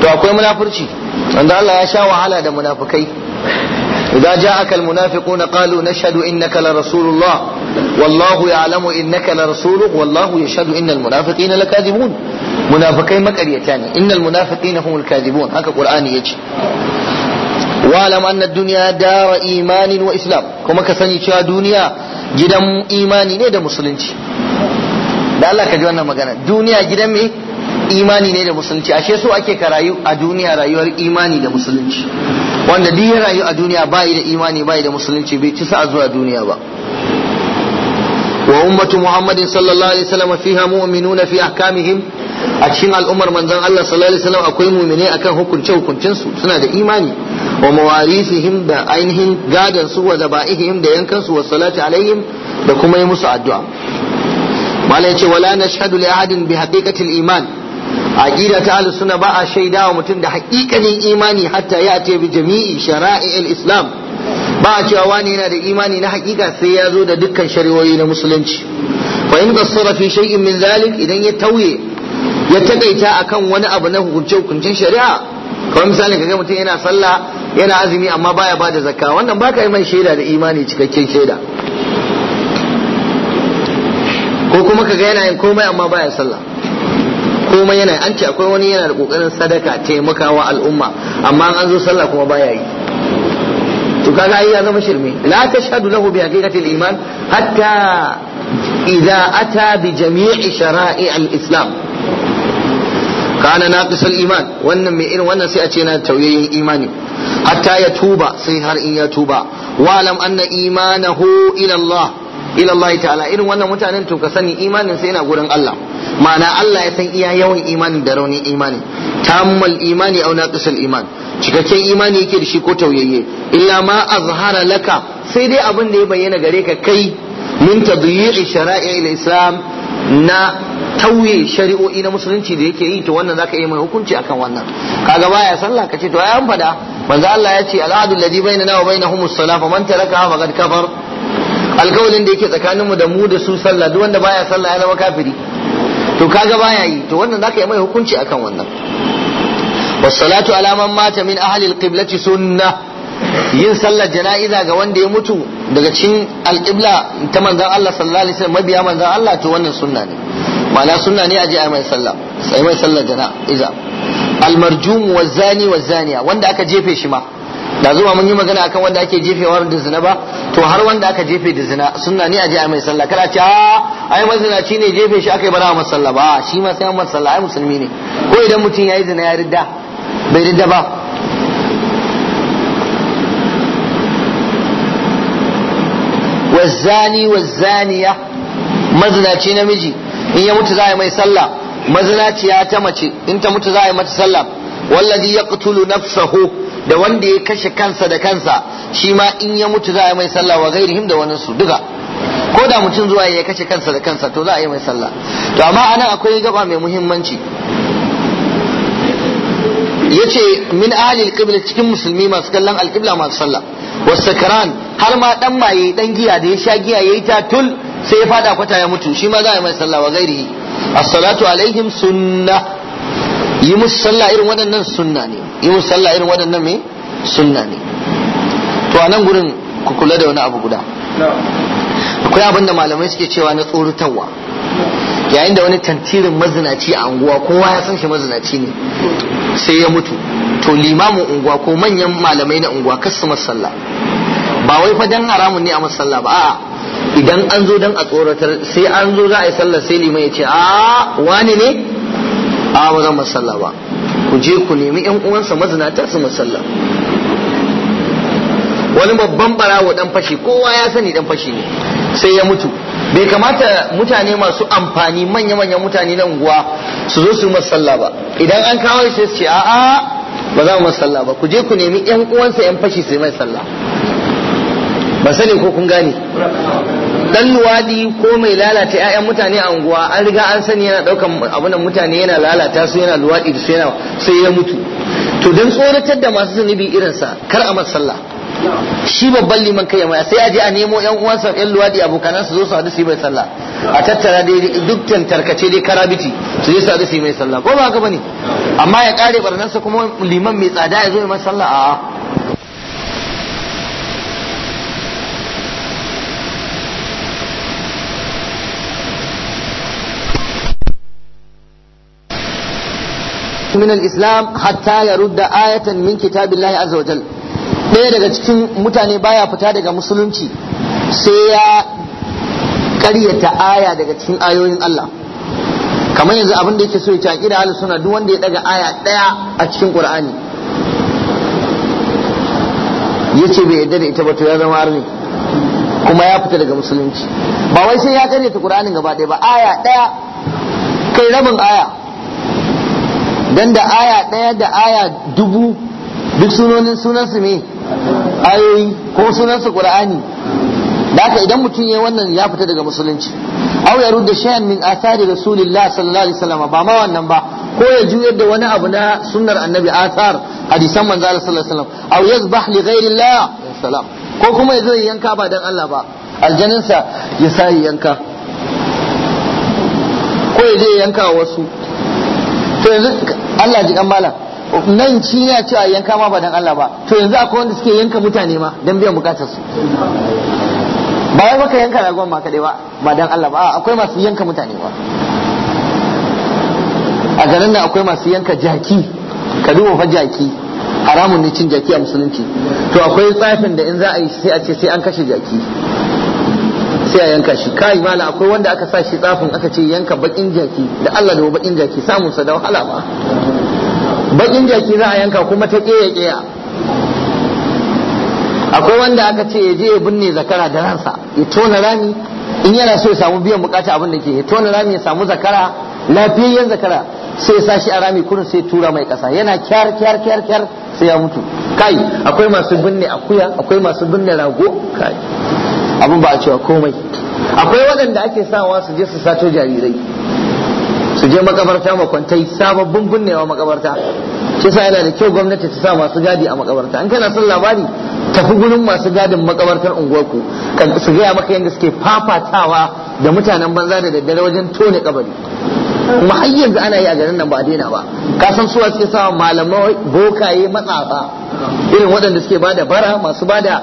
to akwai munafurci wanda Allah ya sha wahala da munafukai إذا جاءك المنافقون قالوا نشهد إنك لرسول الله والله يعلم إنك لرسوله والله يشهد إن المنافقين لكاذبون منافقين مكريتان إن المنافقين هم الكاذبون هكا القرآن يجي واعلم أن الدنيا دار إيمان وإسلام كما كسني شا دنيا gidan imani ne da musulunci da Allah ka ji wannan magana duniya gidan me imani ne da musulunci ashe so ake ka rayu a duniya rayuwar imani da musulunci wanda duk ya rayu a duniya bai da imani bai da musulunci bai ci sa zuwa duniya ba wa ummatu muhammadin sallallahu alaihi wasallam fiha mu'minuna fi ahkamihim a cikin al'ummar manzon Allah sallallahu alaihi wasallam akwai mu'mine akan hukunce hukuncin su suna da imani wa mawarisihim da ainihin gadan su wa zaba'ihim da yankan su wa salati alaihim da kuma yi musu addu'a mala yace wala nashhadu li ahadin bi haqiqatil iman gida ta ahlus sunna ba a wa mutum da haƙiƙanin imani hatta ya ce bi jami'i al islam ba a cewa wani yana da imani na haƙiƙa sai ya zo da dukkan shari'o'i na musulunci fa in qassara fi shay'in min zalik idan ya tauye ya takaita akan wani abu na hukunce hukuncin shari'a kamar misalin kaga mutum yana sallah yana azumi amma baya bada zakka wannan baka yi mai shaida da imani cikakken shaida ko kuma kaga yana yin komai amma baya sallah komai yana an ce akwai wani yana da kokarin sadaka taimakawa al'umma amma an zo sallah kuma baya yi to kaga ai ya zama shirme la tashhadu lahu bi haqiqati al-iman hatta idza ata bi jami'i shara'i al-islam kana na kusan iman wannan mai irin wannan sai a ce na tauyayin imani hatta ya tuba sai har in ya tuba wa lam anna imanahu ila Allah ila Allah ta'ala irin wannan mutanen to ka sani imanin sai yana gurin Allah ma'ana Allah ya san iya yawan imani da raunin imani tammal imani aw naqisal iman cikakken imani yake da shi ko tauyayye illa ma azhara laka sai dai abin da ya bayyana gare ka kai min tadyi'i shara'i al-islam na tauye shari'o'i na musulunci da yake yi to wannan zaka yi mai hukunci akan wannan kaga baya sallah kace to ai an fada manzo Allah ya ce al'adul ladhi bainana wa bainahumus salah faman taraka faqad kafar alkawalin da yake tsakaninmu da mu da su sallah duk wanda baya sallah ya zama kafiri to kaga baya yi to wannan zaka yi mai hukunci akan wannan was salatu ala man mata min ahli al-qiblati sunnah yin sallar jana'iza ga wanda ya mutu daga cikin alƙibla ta manzan Allah sallallahu alaihi wasallam mabiya manzan Allah to wannan sunna ne ma'ana sunna ne a ji mai sallah sai mai sallar jana'iza almarjum wa zani wa zaniya wanda aka jefe shi ma da zuwa mun yi magana akan wanda ake jefewa da zina ba to har wanda aka jefe da zina sunna ne a ji mai sallah kada ce a ah, ai mazinaci ne jefe shi aka yi bara masa sallah ba shi ma sai an masa sallah ai musulmi ne ko idan mutum yayi zina ya ridda bai ridda ba wazani wazaniya mazinaci namiji in ya mutu za a mai sallah ya ta mace in ta mutu za a mata sallah wallazi yaqtulu nafsahu da wanda ya kashe kansa da kansa shi ma in ya mutu za a mai sallah wa ghairihim da wani su duka ko da mutum zuwa ya kashe kansa da kansa to za a yi mai sallah to amma anan akwai gaba mai muhimmanci yace min ahli alqibla cikin musulmi masu kallon alqibla masu sallah wasakaran har ma dan maye dan giya da ya sha giya yayi ta tul sai ya fada kwata ya mutu shi ma za a yi mai sallah wa gairihi as-salatu alaihim sunnah yi musu sallah irin waɗannan sunna ne yi musu sallah irin waɗannan me sunna ne to a nan gurin ku kula da wani abu guda akwai abinda malamai suke cewa na tsoratarwa yayin da wani tantirin mazinaci a unguwa kowa ya san shi mazinaci ne sai ya mutu to limamin unguwa ko manyan malamai na unguwa kar su masalla ba wai fa dan haramun ne a masalla ba a'a idan an zo dan a tsoratar sai an zo za a yi sallah sai liman ya ce a wani ne a ba zan masalla ba ku je ku nemi yan uwansa mazinata su masalla wani babban barawo dan fashi kowa ya sani dan fashi ne sai ya mutu bai kamata mutane masu amfani manya-manyan mutane na unguwa su zo su masalla ba idan an kawo shi ce a'a ba za mu masalla ba ku je ku nemi yan uwansa yan fashi su mai sallah ba sani ko kun gane dan luwadi ko mai lalata 'ya'yan mutane a unguwa an riga an sani yana daukan abunan mutane yana lalata su yana luwadi da su yana sai ya mutu to don tsoratar da masu zunubi sa kar a sallah shi babban liman kai mai sai aje a nemo yan uwansa yan luwadi abokanan su zo su hadu su yi mai sallah a tattara dai duk tarkace dai karabiti su je su hadu su yi mai sallah ko ba haka bane amma ya kare sa kuma liman mai tsada ya zo ya mai sallah a. من الإسلام حتى يرد آية من كتاب الله عز وجل ɗaya daga cikin mutane baya fita daga musulunci sai ya ƙaryata aya daga cikin ayoyin Allah kamar yanzu abin da yake so ya ci aqida ahlus suna duk wanda ya daga aya ɗaya a cikin Ya ce bai yarda da ita ba to ya zama arni kuma ya fita daga musulunci ba wai sai ya ƙaryata Qur'anin gaba ɗaya ba aya ɗaya kai rabin aya dan da aya ɗaya da aya dubu duk sunonin sunansu ne ayoyi ko sunansa qur'ani da haka idan mutum ya wannan ya fita daga musulunci aw ya rudda shay'an min athari rasulillah sallallahu alaihi wasallam ba ma wannan ba ko ya juyar da wani abu na sunnar annabi athar hadisan manzo sallallahu alaihi wasallam aw yazbah li ghairillah salam ko kuma ya yanka ba dan Allah ba aljaninsa ya sai yanka ko ya je yanka wasu to yanzu Allah ji dan malam nan shi ne cewa yanka ma ba dan Allah ba to yanzu akwai wanda suke yanka mutane ma dan biyan bukatar su ba wai baka yanka ragon ma kadai ba ba dan Allah ba akwai masu yanka mutane ba a garin nan akwai masu yanka jaki ka duba fa jaki haramun ne cin jaki a musulunci to akwai tsafin da in za a yi sai a ce sai an kashe jaki sai a yanka shi kai mala akwai wanda aka sa shi tsafin aka ce yanka bakin jaki da Allah da bakin jaki samun sa da wahala ba bakin jaki za a yanka kuma ta ƙeya ƙeya akwai wanda aka ce ya je ya binne zakara da ransa ya tona rami in yana so ya samu biyan bukata abin da ke ya tona rami ya samu zakara lafiyayyen zakara sai ya shi a rami kurin sai tura mai kasa yana kyar kyar kyar kyar sai ya mutu kai akwai masu binne akuya akwai masu binne rago kai abin ba a cewa komai akwai waɗanda ake sawa su je su sato jarirai su je makabarta makwantai sababbin binnewa makabarta shi yasa yana da kyau gwamnati ta sa masu gadi a makabarta in kana son labari tafi gurin masu gadin makabartar unguwarku su gaya maka yadda suke fafatawa da mutanen banza da daddare wajen tone kabari kuma har yanzu ana yi a garin nan ba a daina ba ka san suwa suke sa malamai bokaye matsafa irin waɗanda suke ba da bara masu ba da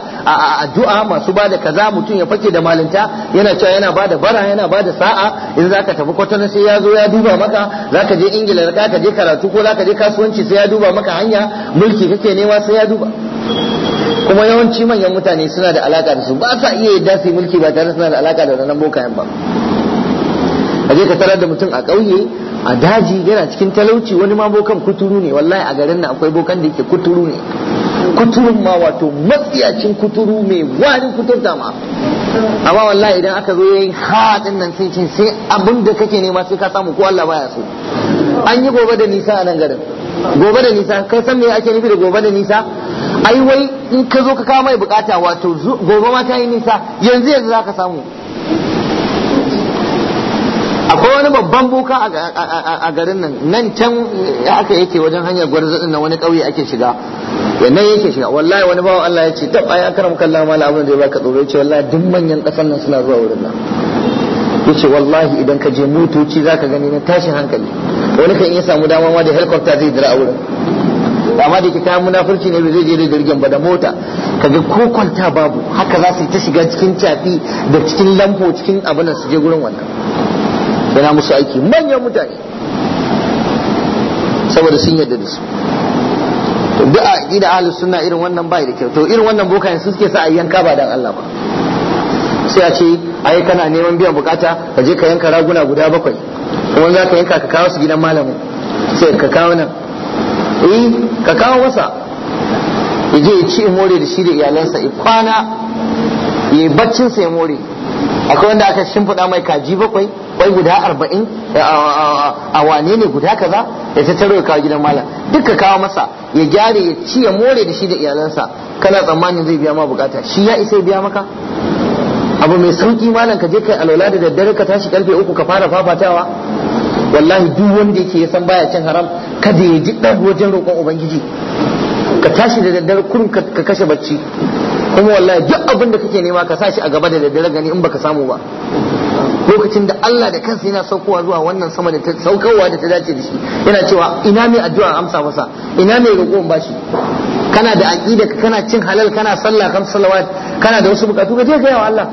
addu'a masu ba da kaza mutum ya fake da malinta yana cewa yana ba da bara yana ba da sa'a in zaka tafi kwatana sai ya zo ya duba maka zaka je ingila ka je karatu ko zaka je kasuwanci sai ya duba maka hanya mulki kake nema sai ya duba kuma yawanci manyan mutane suna da alaka da su ba sa iya yadda su mulki ba tare suna da alaka da wannan bokayen ba a je ka tarar da mutum a ƙauye a daji yana cikin talauci wani ma bokan kuturu ne wallahi a garin nan akwai bokan da yake kuturu ne kuturun ma wato matsiyacin kuturu mai wani kuturta ma amma wallahi idan aka zo yayin haɗin nan sai cin sai abin da kake nema sai ka samu ko Allah baya so an yi gobe da nisa a nan garin gobe da nisa kai san me ake nufi da gobe da nisa ai wai in ka zo ka kawo mai bukata wato gobe ma ta yi nisa yanzu yanzu zaka samu akwai wani babban buka a garin nan nan can ya eh, aka yake wajen hanyar gwarzadin na wani ƙauye ake shiga wannan yake shiga wallahi wani bawa Allah ya ce tab ai akaram kallahu mala abun da ya baka tsoro ce wallahi duk manyan kasan nan suna zuwa wurin nan yace wallahi idan ka je motoci zaka gani na tashin hankali wani kan iya samu dama ma da helicopter zai dira a wurin amma da ke kayan munafurci ne zai je da jirgin ba da mota kaga ko kwanta babu haka za su yi ta shiga cikin cafi da cikin lambo cikin abin su je gurin wannan yana musu aiki manyan mutane saboda sun yarda da su to duk a gida ahlus sunna irin wannan bai da kyau to irin wannan bokayen sun suke sa a yanka ba dan Allah ba sai a ce ai kana neman biyan bukata ka je ka yanka raguna guda bakwai kuma za ka yanka ka kawo su gidan malamin sai ka kawo nan eh ka kawo masa ya je ya ci more da shi da iyalansa ya kwana ya baccinsa ya more akwai wanda aka shimfiɗa mai kaji bakwai kwai guda arba'in a wane ne guda kaza ya ta taro ya kawo gidan malam duka kawo masa ya gyara ya ci ya more da shi da iyalansa kana tsammanin zai biya ma bukata shi ya isa ya biya maka abu mai sauki malam ka je kai alwala da daddare ka tashi karfe uku ka fara fafatawa wallahi duk wanda yake san baya cin haram kada ya ji ɗan wajen roƙon ubangiji ka tashi da daddare kurum ka kashe bacci kuma wallahi duk abin da kake nema ka sashi a gaba da daddare gani in baka samu ba lokacin da Allah da kansa yana saukowa zuwa wannan sama da saukowa da ta dace da shi yana cewa ina mai addu'a amsa masa ina mai roƙon bashi kana da aqida kana cin halal kana sallah kam salawat kana da wasu bukatu ka je ga Allah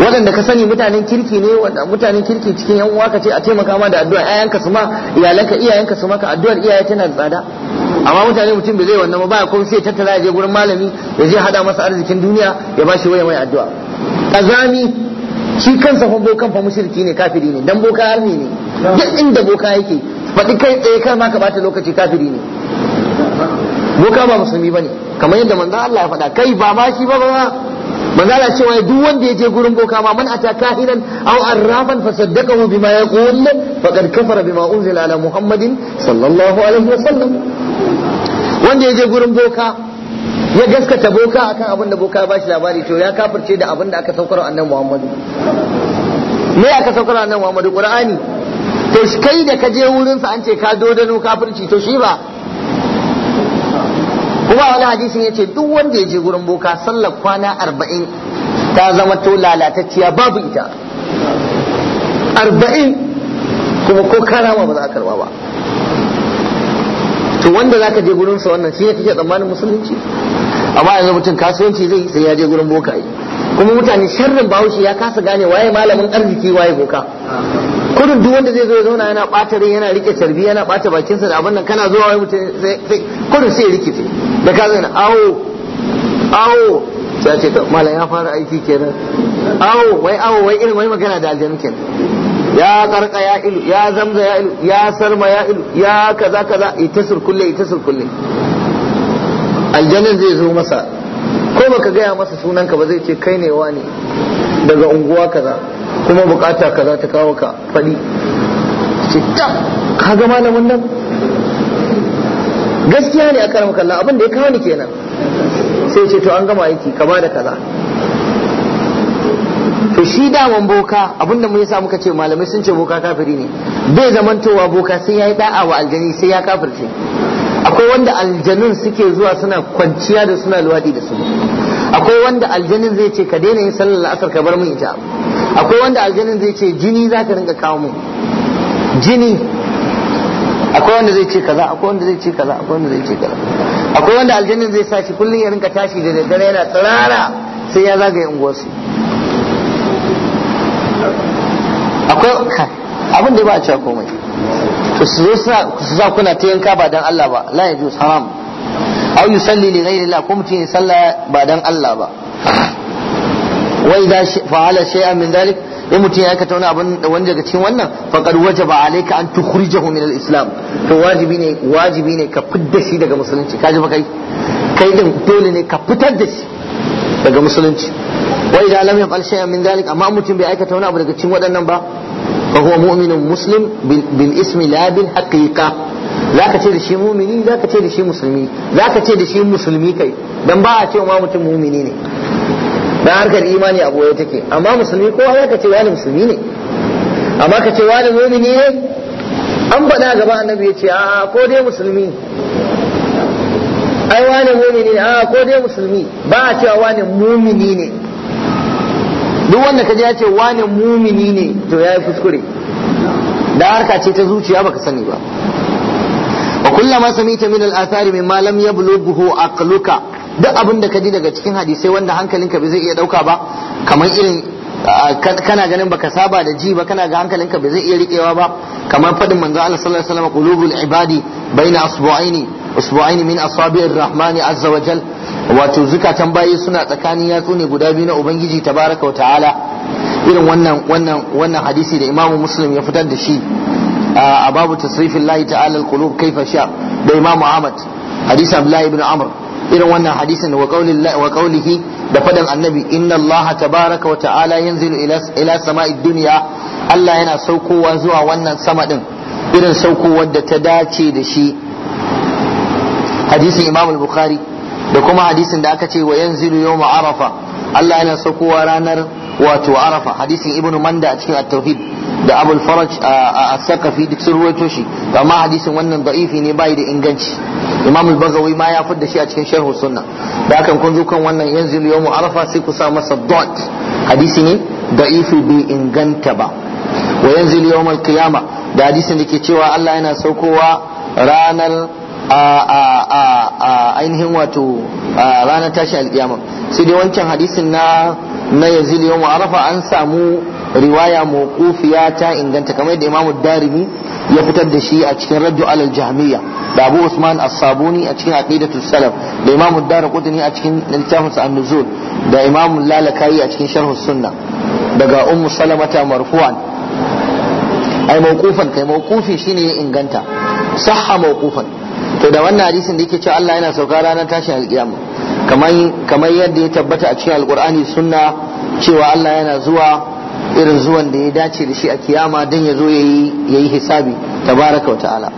waɗanda ka sani mutanen kirki ne mutanen kirki cikin yan uwa ka ce a taimaka ma da addu'a 'ya'yanka su ma iyalanka iyayenka su maka addu'ar iyaye tana da tsada amma mutane mutum bai zai wannan ba baya kuma sai tattala ya je gurin malami ya je hada masa arzikin duniya ya ba shi waya addu'a kazami shi kansa fa bokan fa mushriki ne kafiri ne dan boka harmi ne duk inda boka yake faɗi kai tsaye kai ma ka bata lokaci kafiri ne boka ba musulmi bane kamar yadda manzo Allah ya faɗa kai ba ma shi ba ba manzo Allah cewa duk wanda ya je gurin boka ma man ata kahiran aw arrafan fasaddaqahu bima yaqul faqad kafara bima unzila ala muhammadin sallallahu alaihi wasallam wanda ya je gurin boka ya gaskata boka akan abin da boka ya bashi labari to ya kafirce da abin da aka saukar annabi Muhammadu me aka saukar annabi Muhammadu Qur'ani to kai da ka je wurin sa an ce ka dodano kafirci to shi ba kuma wani hadisin ce duk wanda ya je gurin boka sallar kwana arba'in ta zama to lalatacciya babu ita arba'in kuma ko karama ba za a karba ba to wanda zaka je gurin sa wannan shi ne kake tsammanin musulunci amma yanzu mutum kasuwanci zai sai ya je gurin boka yi kuma mutane sharrin bahaushe ya kasa gane waye malamin arziki waye boka kudin duk wanda zai zo ya zauna yana bata rai yana rike tarbi yana bata bakinsa da abin nan kana zuwa waye mutum sai kudin sai rikice da ka zai awo awo sai ce to malam ya fara aiki kenan awo wai awo wai irin wai magana da aljanu kenan ya karka ya ilu ya zamza ya ilu ya sarma ya ilu ya kaza kaza ita surkulle ita surkulle aljannar zai zo masa ko baka gaya masa sunanka ba zai ce kai ne wani daga unguwa kaza kuma bukata kaza ta kawo ka faɗi ce ta ka ga malamin nan gaskiya ne a karamka Allah abin da ya kawo ni kenan sai ce to an gama aiki kama da kaza to shi daman boka abinda mu yasa muka ce malamai sun ce boka kafiri ne bai zamantowa boka sai yayi da'a wa aljani sai ya kafirce akwai wanda aljanun suke zuwa suna kwanciya da suna luwadi da su akwai wanda aljanin zai ce ka daina yin sallar la'asar ka bar mu ita akwai wanda aljanin zai ce jini za ka rinka kawo mu jini akwai wanda zai ce kaza akwai wanda zai ce kaza akwai wanda zai ce kaza akwai wanda aljanin zai sa shi kullum ya rinka tashi da daddare yana tsirara sai ya zagaye unguwarsu akwai abin da ba a cewa komai to su zo su za kuna ta yanka ba dan Allah ba la yajuz haram aw yusalli li ghayri Allah ko mutum ya salla ba dan Allah ba wa idza fa'ala shay'an min dhalik in mutum ya aikata wani abin da wani daga cikin wannan faqad wajaba alayka an tukhrijahu min al'islam islam to wajibi ne wajibi ne ka fidda shi daga musulunci kaji ba kai kai din dole ne ka fitar da shi daga musulunci wa idza lam yaf'al shay'an min dhalik amma mutum bai aikata wani abu daga cikin waɗannan ba fa huwa mu'minun muslim bil ismi la bil haqiqa zaka ce da shi mu'mini zaka ce da shi musulmi zaka ce da shi musulmi kai dan ba a ce ma mutum mu'mini ne dan harkar imani a boye take amma musulmi kowa zaka ce wani musulmi ne amma ka ce wani mu'mini ne an faɗa gaba annabi ya ce a'a ko dai musulmi ai wani mumini ne a'a ko dai musulmi ba a cewa wani mumini ne duk wanda kaji ya ce wani mumini ne to ya yi kuskure da harka ce ta zuciya baka sani ba wa sami asari min malam ya bulo buhu a kaluka duk abin da ka ji daga cikin hadisai wanda hankalinka bai zai iya dauka ba kamar irin ah, kana ganin baka saba da ji ba kana ga hankalinka bai zai iya rikewa ba kamar fadin manzo Allah sallallahu alaihi wasallam qulubul ibadi baina asbu'aini usbu'aini min asabi'ir rahmani azza wa jal wato zukatan bayi suna tsakanin yatsu ne guda biyu na ubangiji tabaraka wa ta'ala irin wannan wannan wannan hadisi da imamu muslim ya fitar da shi a babu tasrifin lahi ta'ala al-qulub kaifa sha da imamu ahmad hadisi abdullahi ibn amr irin wannan hadisin wa da fadan annabi inna allaha tabaraka wa ta'ala yanzilu ila ila sama'id dunya Allah yana saukowa zuwa wannan sama din irin saukowar da ta dace da shi hadisin imam al-bukhari da kuma hadisin da aka ce wa yanzilu yawm arafa Allah yana saukowa ranar wato arafa hadisin ibnu manda a cikin at-tauhid da abul faraj a sakafi duk sun shi amma hadisin wannan da'ifi ne bai da inganci imam al bazawi ma ya fadda shi a cikin sharh sunna da hakan kun zo kan wannan yanzilu yawm arafa sai ku sa masa dot hadisi ne da'ifi bai inganta ba wa yanzilu al qiyama da hadisin da ke cewa Allah yana saukowa ranar a ainihin wato ranar tashi alkiyama sai dai wancan hadisin na na yanzu yawm arafa an samu riwaya mawqufiya ta inganta kamar yadda imamu darimi ya fitar da shi a cikin raddu alal jahmiya da abu usman as-sabuni a cikin aqidatu salaf da imamu darqutni a cikin littafin sa an-nuzul da imamu lalakai a cikin sharh sunna daga ummu salamata marfu'an ai mawqufan kai mawqufi shine ya inganta sahha mawqufan to da wannan hadisin da yake cewa Allah yana sauka ranar tashin alkiyama kamar kamar yadda ya tabbata a cikin alqur'ani sunna cewa Allah yana zuwa irin zuwan da ya dace da shi a kiyama don ya zo ya yi hisabi tabaraka wa ta'ala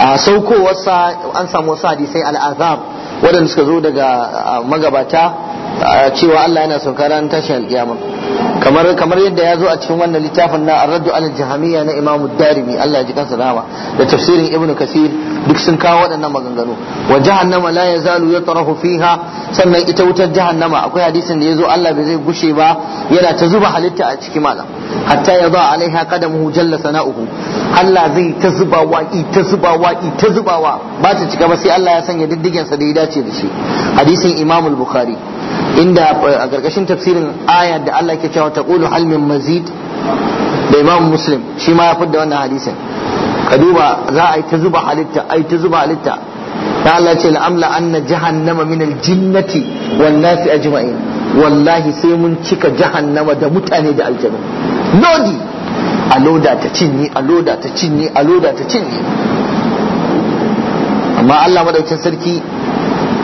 a saukowarsa an samu wasu hadisai al'azab wadanda suka zo daga magabata cewa Allah yana sauka ranar tashin alkiyama kamar kamar yadda ya zo a cikin wannan littafin na arraddu al jahamiyya na imamu darimi Allah ya ji kansa rahama da tafsirin ibnu kasir duk sun kawo waɗannan maganganu wa jahannama la yazalu yatrahu fiha sannan ita wutar jahannama akwai hadisin da yazo Allah bai zai gushe ba yana ta zuba halitta a cikin malam hatta yada alaiha qadamuhu jalla sana'uhu Allah zai ta zuba waki ta zuba waki ta zubawa ba ta cika ba sai Allah ya sanya diddigen sa da ya dace da shi hadisin imamu bukhari inda a ƙarƙashin tafsirin ayar da Allah yake cewa taqulu halmin mazid da imam muslim shi ma ya fudda wannan hadisin ka duba za a yi ta zuba halitta ai ta zuba halitta da Allah ce la'amla anna jahannama min aljinnati wan nasi ajma'in wallahi sai mun cika jahannama da mutane da aljanu lodi a loda ta cinye a loda ta cinye a loda ta cinye amma Allah madaukin sarki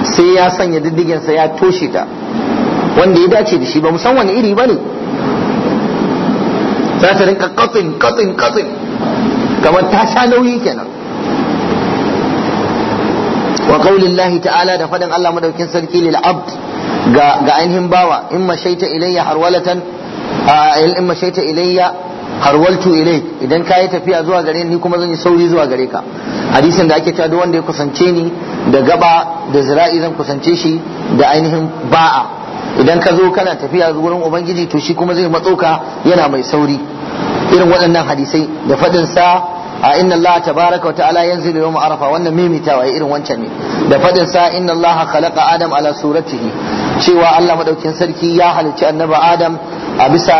sai ya sanya sa ya toshe ta wanda ya dace da shi ba wani iri ba ne za ta rinka katsin katsin katsin kamar ta sha nauyi kenan wa qaulin ta'ala da faɗin Allah madaukin sarki lil abd ga ga ainihin bawa in ma mashaita ilayya harwalatan in ma mashaita ilayya harwaltu ilai idan ka yi tafiya zuwa gare ni kuma zan yi sauri zuwa gare ka hadisin da ake cewa duk wanda ya kusance ni da gaba da zira'i zan kusance shi da ainihin ba'a idan ka zo kana tafiya wurin ubangiji to shi kuma zai matsoka yana mai sauri irin waɗannan hadisai da faɗin sa a inna Allah tabaraka wa ta'ala yanzilu yawm arafa wannan mimitawa irin wancan ne da faɗin sa inna Allah khalaqa adam ala suratihi cewa Allah madaukin sarki ya halicci annabi adam a bisa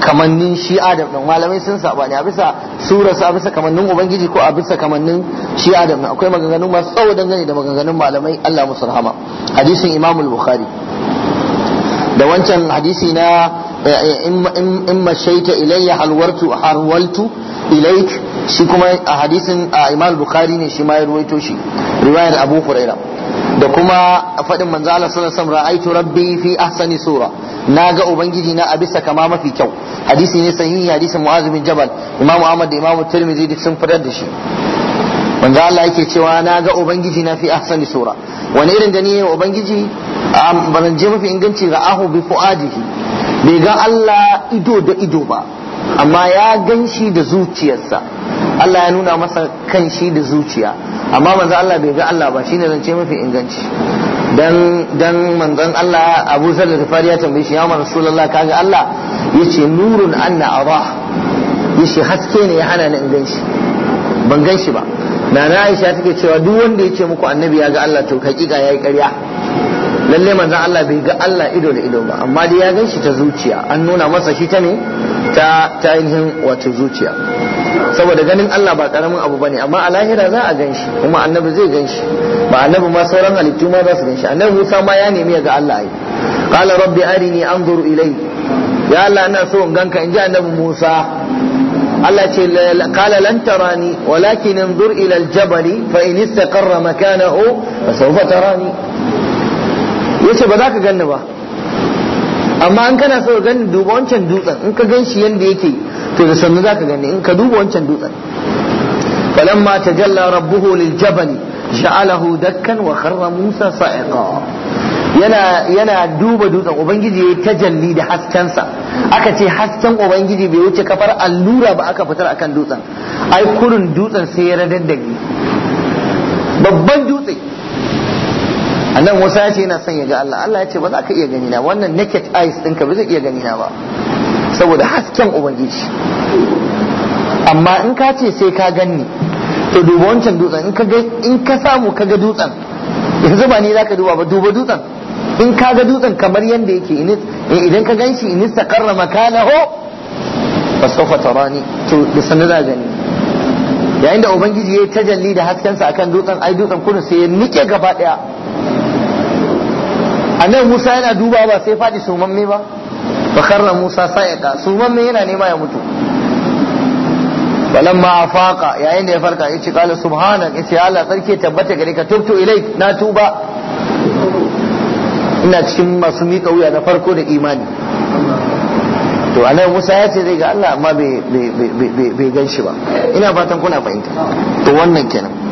kamannin shi adam din malamai sun saba ne a bisa sura a bisa kamannin ubangiji ko a bisa kamannin shi adam akwai maganganu masu tsawo dangane da maganganun malamai Allah musu rahama hadisin imamul bukhari da wancan hadisi na eh, eh, in mashaita ilayya halwartu harwaltu ilaik shi kuma a hadisin a imal bukhari ne shi ma ya ruwaito shi riwayar abu huraira da kuma faɗin manzo Allah sallallahu alaihi wasallam ra'aitu rabbi fi ahsani sura na ubangiji na a bisa kama mafi kyau hadisi ne sahihi hadisin mu'az bin jabal imamu ahmad da imamu tirmidhi duk sun fadar da shi manzo Allah yake cewa naga ga ubangiji na fi ahsani sura wani irin da ne ubangiji balance mafi inganci aho bi fu'adihi bai ga Allah ido da ido ba amma ya gan shi da zuciyarsa Allah ya nuna masa kan shi da zuciya amma manzo Allah bai ga Allah ba shine zance mafi inganci dan dan manzon Allah Abu Zar da Fariya tambaye shi ya manzo Rasulullah kaga Allah yace nurun anna arah yace haske ne ya hana ni in gan ban gan shi ba nana Aisha take cewa duk wanda yace muku annabi ya ga Allah to hakika yayi ƙarya lalle manzon Allah bai ga Allah ido da ido ba amma dai ya ganshi ta zuciya an nuna masa shi ta ne ta ta ainihin wato zuciya saboda ganin Allah ba karamin abu bane amma a lahira za a ganshi kuma annabi zai ganshi ba annabi ma sauran halittu ma za su ganshi annabi Musa ma ya nemi ya ga Allah ai qala rabbi arini anzur ilai ya Allah ina so in ganka in ji annabi Musa Allah ce qala lan tarani walakin anzur ila al-jabal fa in istaqarra makanahu fa sawfa tarani yace ba za ka ganni ba amma in kana so ganni duba wancan dutsen in ka gan shi yanda yake to da sannu za ka ganni in ka duba wancan dutsen ta mata rabbuhu lil jabal ja'alahu dakkan wa kharra musa sa'iqa yana yana duba dutsen ubangiji ya jalli da haskensa aka ce hasken ubangiji bai wuce kafar allura ba aka fitar akan dutsen ai kurin dutsen sai ya radaddage babban dutse annan wasu ya ce yana son ya ga Allah Allah ya ce ba za ka iya gani na wannan naked eyes ɗinka ba zai iya gani na ba saboda hasken ubangiji amma in ka ce sai ka ganni to duba wancan dutsen in ka in ka samu ka ga dutsen yanzu ba ni zaka duba ba duba dutsen in ka ga dutsen kamar yanda yake idan ka ganshi in istaqarra makanahu fasawfa tarani to da sanin za gani yayin da ubangiji ya tajalli da haskensa akan dutsen ai dutsen kudu sai ya nike gaba daya annabi Musa yana duba ba sai faɗi sumamme ba fa karra Musa sa'iqa sumamme yana nema ya mutu a afaqa yayin da ya farka yace qala subhanak ce Allah sarki tabbata gare ka tubtu ilaik na tuba ina cikin masu miƙa wuya na farko da imani to annabi Musa ya ce zai ga Allah amma bai gan shi ba ina fatan kuna fahimta to wannan kenan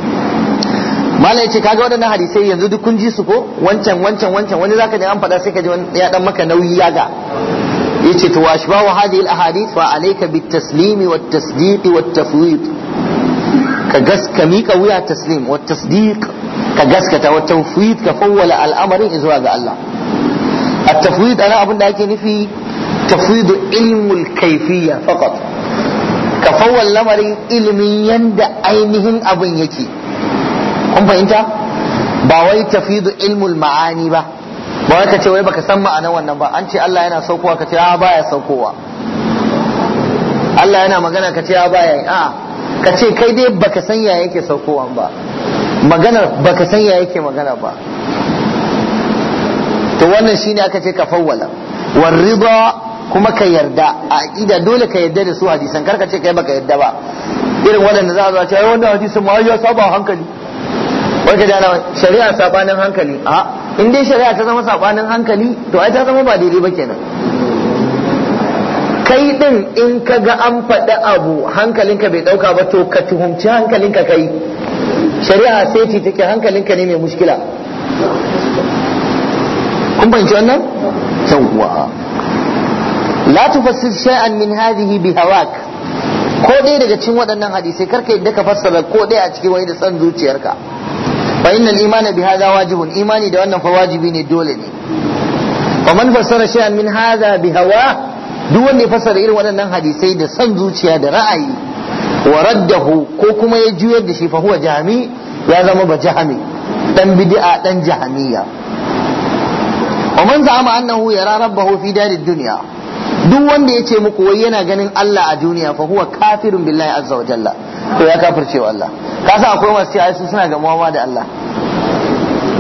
mala ya ce kaga waɗannan hadisai yanzu duk kun ji su ko wancan wancan wancan wani zaka ji an faɗa sai ka ji ya dan maka nauyi ya ga yace to washbahu hadhihi al-ahadith fa alayka bit taslimi wa tasdiqi wa tafwid ka gaska mika wuya taslim wa tasdiq ka gaskata wa tafwid ka fawwala al'amarin zuwa ga Allah at-tafwid ana abin da ake nufi tafwid ilmul kayfiyya faqat ka fawwala lamarin ilmin yanda ainihin abin yake kun fahimta ba wai tafidu ilmul ma'ani ba ba wai ka ce wai baka san ma'anar wannan ba an ce Allah yana saukowa kace a ah, baya saukowa Allah yana magana ka ce a ah, baya a ah, ka ce kai dai baka san ya yake saukowa ba magana baka san ya yake magana ba to wannan shine aka ce ka fawwala warida kuma ka yarda a ida dole ka yarda da su hadisan kar ka ce kai baka yarda ba irin waɗanda za a zo a ce ai wannan hadisin ma ya saba hankali wanda jana shari'a sabanin hankali a in dai shari'a ta zama sabanin hankali to ai ta zama ba daidai ba kenan kai din in ka ga an faɗi abu hankalinka bai ɗauka ba to ka tuhumci hankalinka kai shari'a sai ce take hankalinka ne mai mushkila kun fahimci wannan yawwa la tufassir shay'an min hadhihi bi hawak ko ɗaya daga cikin waɗannan hadisai karka yadda ka fassara ko ɗaya a cikin wani da san zuciyarka fa innal imana bi hadha wajibun imani da wannan fa wajibi ne dole ne wa man fassara shay'an min hadha bi hawa duk wanda ya fassara irin waɗannan hadisai da san zuciya da ra'ayi wa raddahu ko kuma ya juyar da shi fa huwa jahami ya zama ba jahami. dan bid'a dan jahmiya wa man za'ama annahu yara rabbahu fi darid dunya duk wanda ya ce muku wai yana ganin Allah a duniya fa huwa kafirun billahi azza wa jalla to ya kafirce wa Allah ka akwai masu cewa su suna gamuwa ma da Allah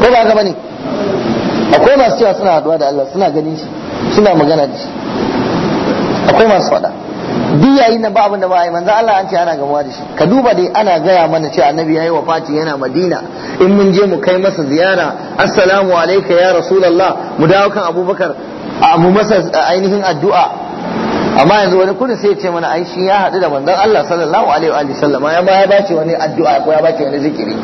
ko ba haka bane akwai masu cewa suna haduwa da Allah suna ganin shi suna magana da shi akwai masu faɗa duk yayin da ba abin da ba yi manzo Allah an ce ana gamuwa da shi ka duba dai ana gaya mana cewa annabi yayi wafati yana Madina in mun je mu kai masa ziyara assalamu alayka ya rasulullah mu dawo kan Abubakar a mu masa ainihin addu'a amma yanzu wani kudin sai ya ce mana ai ya haɗu da manzon Allah sallallahu alaihi wa sallam ya ba ya bace wani addu'a ko ya bace wani zikiri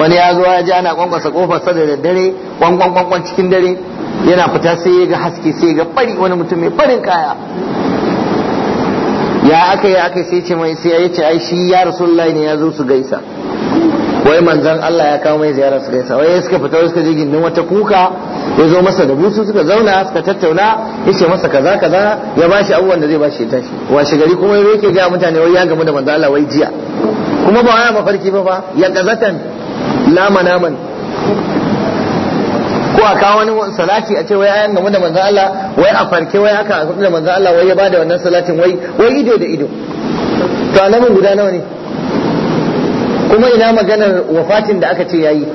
wani ya zo ya ji ana kwankwasa kofar sa da daddare kwankwan kwankwan cikin dare yana fita sai ya ga haske sai ya ga fari wani mutum mai farin kaya ya aka yi aka sai ce mai sai ya ce ai shi ya rasulullahi ne ya zo su gaisa wai manzan Allah ya kawo mai ziyarar su gaisa wai suka fita suka je gindin wata kuka ya zo masa da busu suka zauna suka tattauna ya ce masa kaza kaza ya ba shi abubuwan da zai ba ya tashi washe gari kuma ya yake ga mutane wai ya gamu da manzan Allah wai jiya kuma ba waya mafarki ba fa ya kazatan lama naman ko a kawo wani salati a ce wai ayan gamu da manzan Allah wai a farke wai aka gamu da manzan Allah wai ya bada wannan salatin wai wai ido da ido to alamin guda nawa ne kuma ina maganar wafatin da aka ce yayi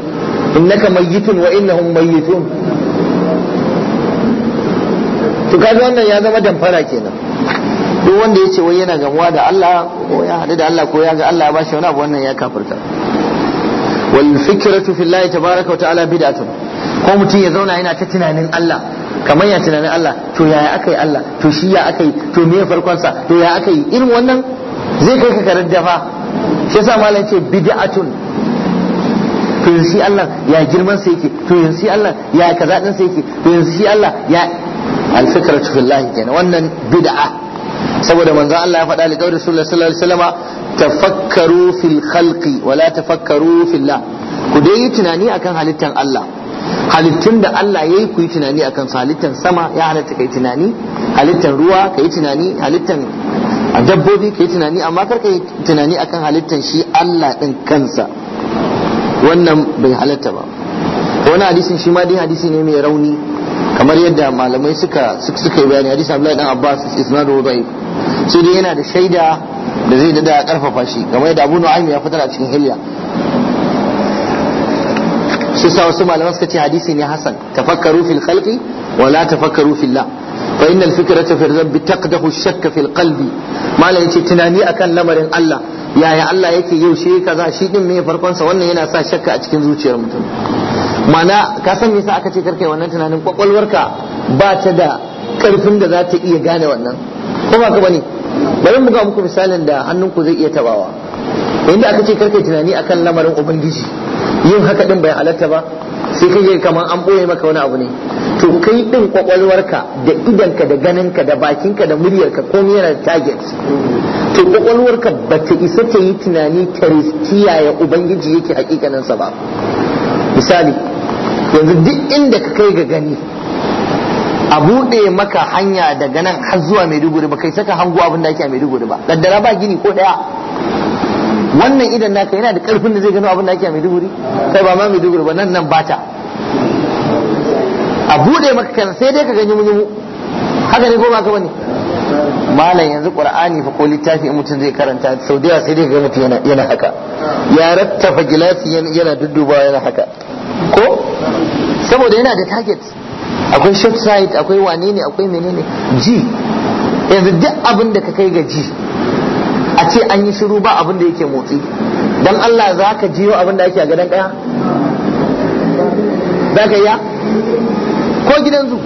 innaka mayyitun wa innahum mayyitun to kaga wannan ya zama damfara kenan duk wanda ya ce wai yana gamuwa da Allah ko ya hadu da Allah ko ya ga Allah ya bashi wani abu wannan ya kafirta wal fikratu fillahi tabaraka wa ta'ala bid'atun ko mutum ya zauna yana ta tunanin Allah kamar ya tunanin Allah to yaya aka yi Allah to shi ya aka yi to me farkonsa to ya aka yi irin wannan zai kai ka karar dafa shi yasa malam ce bid'atun to yanzu shi Allah ya girman sa yake to yanzu Allah ya kaza din sa yake to yanzu Allah ya al-fikratu fillahi kenan wannan bid'a saboda manzo Allah ya faɗa li qauli sallallahu alaihi wasallama tafakkaru fil khalqi wa la tafakkaru fillah ku dai yi tunani akan halittan Allah halittun da Allah ya yi ku yi tunani akan su halittan sama ya halatta kai tunani halittan ruwa ka yi tunani halittan a dabbobi ka yi tunani amma kar ka yi tunani akan halittar shi Allah ɗin kansa wannan bai halatta ba wani hadisin shi ma dai hadisi ne mai rauni kamar yadda malamai suka suka yi bayani hadisi Abdullahi dan Abbas isnadu da'if sai dai yana da shaida da zai dada karfafa shi kamar yadda Abu Nu'aym ya fitar a cikin Hilya shi sa wasu malamai suka ce hadisi ne hasan tafakkaru fil khalqi wa la tafakkaru lah fa innal fikrata fi rabbi taqdahu shakka fil qalbi malam yace tunani akan lamarin Allah yaya Allah yake yau shi kaza shi din me farkon sa wannan yana sa shakka a cikin zuciyar mutum mana ka san me yasa aka ce karkai wannan tunanin kwakwalwarka ba ta da karfin da za ta iya gane wannan ko ba ka bane bari mu ga muku misalin da hannunku zai iya tabawa inda aka ce karkai tunani akan lamarin ubangiji yin haka din bai halarta ba sai kake kamar an boye maka wani abu ne to kai din kwakwalwarka da idanka da ganinka da bakinka da muryarka komai yana da target to kwakwalwarka ba ta isa ta yi tunani ta ya ubangiji yake hakikaninsa ba misali yanzu duk inda ka kai ga gani a buɗe maka hanya daga nan har zuwa maiduguri ba kai saka hangu abin da ake a maiduguri ba daddara ba gini ko ɗaya wannan idan naka yana da karfin da zai gano abin da ake a maiduguri sai ba ma maiduguri ba nan nan bata a bude maka kan sai dai ka ganyi mu haka ne ko ba ka bane malam yanzu qur'ani fa ko littafi in mutum zai karanta sau da sai dai ga mutum yana yana haka ya rattafa gilasi yana duddubawa yana haka ko saboda yana da target akwai short sight akwai wane ne akwai menene ji yanzu duk abin da ka kai ga ji Ace ce an yi shiru ba abin da yake motsi don Allah za ka jiyo abin da ake a gadon kaya za ka iya ko gidan zu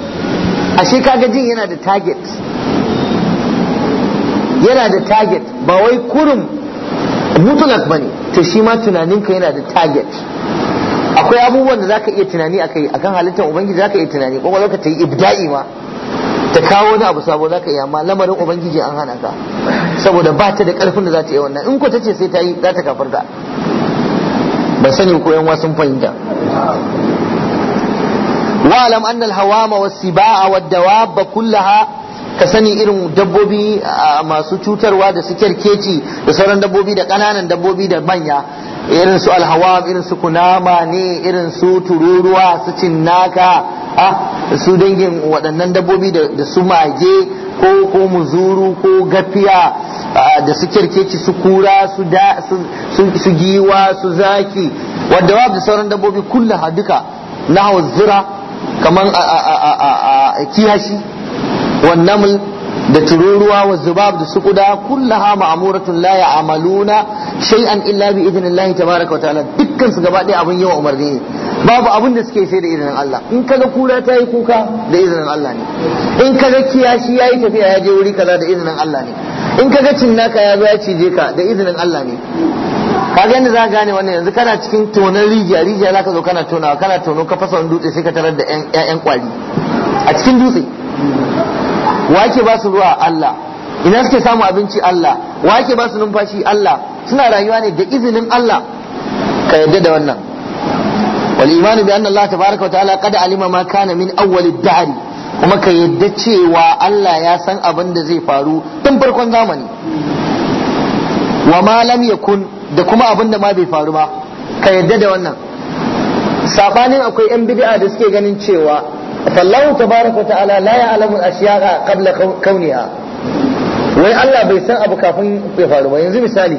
ashe ka jin yana da target yana da target ba wai kurum mutlak ne ta shi ma tunaninka yana da target akwai abubuwan da za ka iya tunani akai akan halittar ubangiji ka iya tunani ko ka ta yi ibda'i ma da kawo wani abu sabo zaka yi amma lamarin ubangiji an hana ka saboda ba ta da karfin da za ta yi wannan in ko ta ce sai ta yi za ta kafarta ba sani ko yan wasu fahimta wa anna al-hawama was-siba'a wad-dawab kullaha ka sani irin dabbobi masu cutarwa da su kerkeci da sauran dabbobi da kananan dabbobi da manya irin su alhawa irin su kunama ne irin su tururuwa su cinnaka su dangin waɗannan dabbobi da su mage ko ko muzuru ko gafiya da su kirkeci su kura su giwa su zaki wadda da sauran dabbobi kullum duka na zira kamar a kiyashi والنمل da tururuwa wa zubab da su kuda kullaha ma'muratun la ya'maluna shay'an illa bi idnillahi tabaaraka wa ta'ala dukkan su gaba ɗaya abun yawa umarni ne babu abun da suke sai da izinin Allah in kaga kura ta yi kuka da izinin Allah ne in kaga kiyashi yayi tafiya ya je wuri kaza da izinin Allah ne in kaga cinnaka ya zo ya cije ka da izinin Allah ne kaga yadda za ka gane wannan yanzu kana cikin tonon rijiya rijiya za ka zo kana tonawa kana tono ka fasa wani dutse sai ka tarar da ƴaƴan kwari a cikin dutse wa ba su ruwa Allah ina suke samu abinci Allah wa ba su numfashi Allah suna rayuwa ne da izinin Allah ka yadda da wannan wal imanu bi anna Allah tabaaraka wa ta'ala qad alima ma kana min awwal ad kuma ka yadda cewa Allah ya san abin da zai faru tun farkon zamani wa ma lam yakun da kuma abin da ma bai faru ba ka yadda da wannan sabanin akwai yan bid'a da suke ganin cewa فالله تبارك وتعالى لا يعلم الأشياء قبل كونها wai Allah bai san abu kafin ya faru ba yanzu misali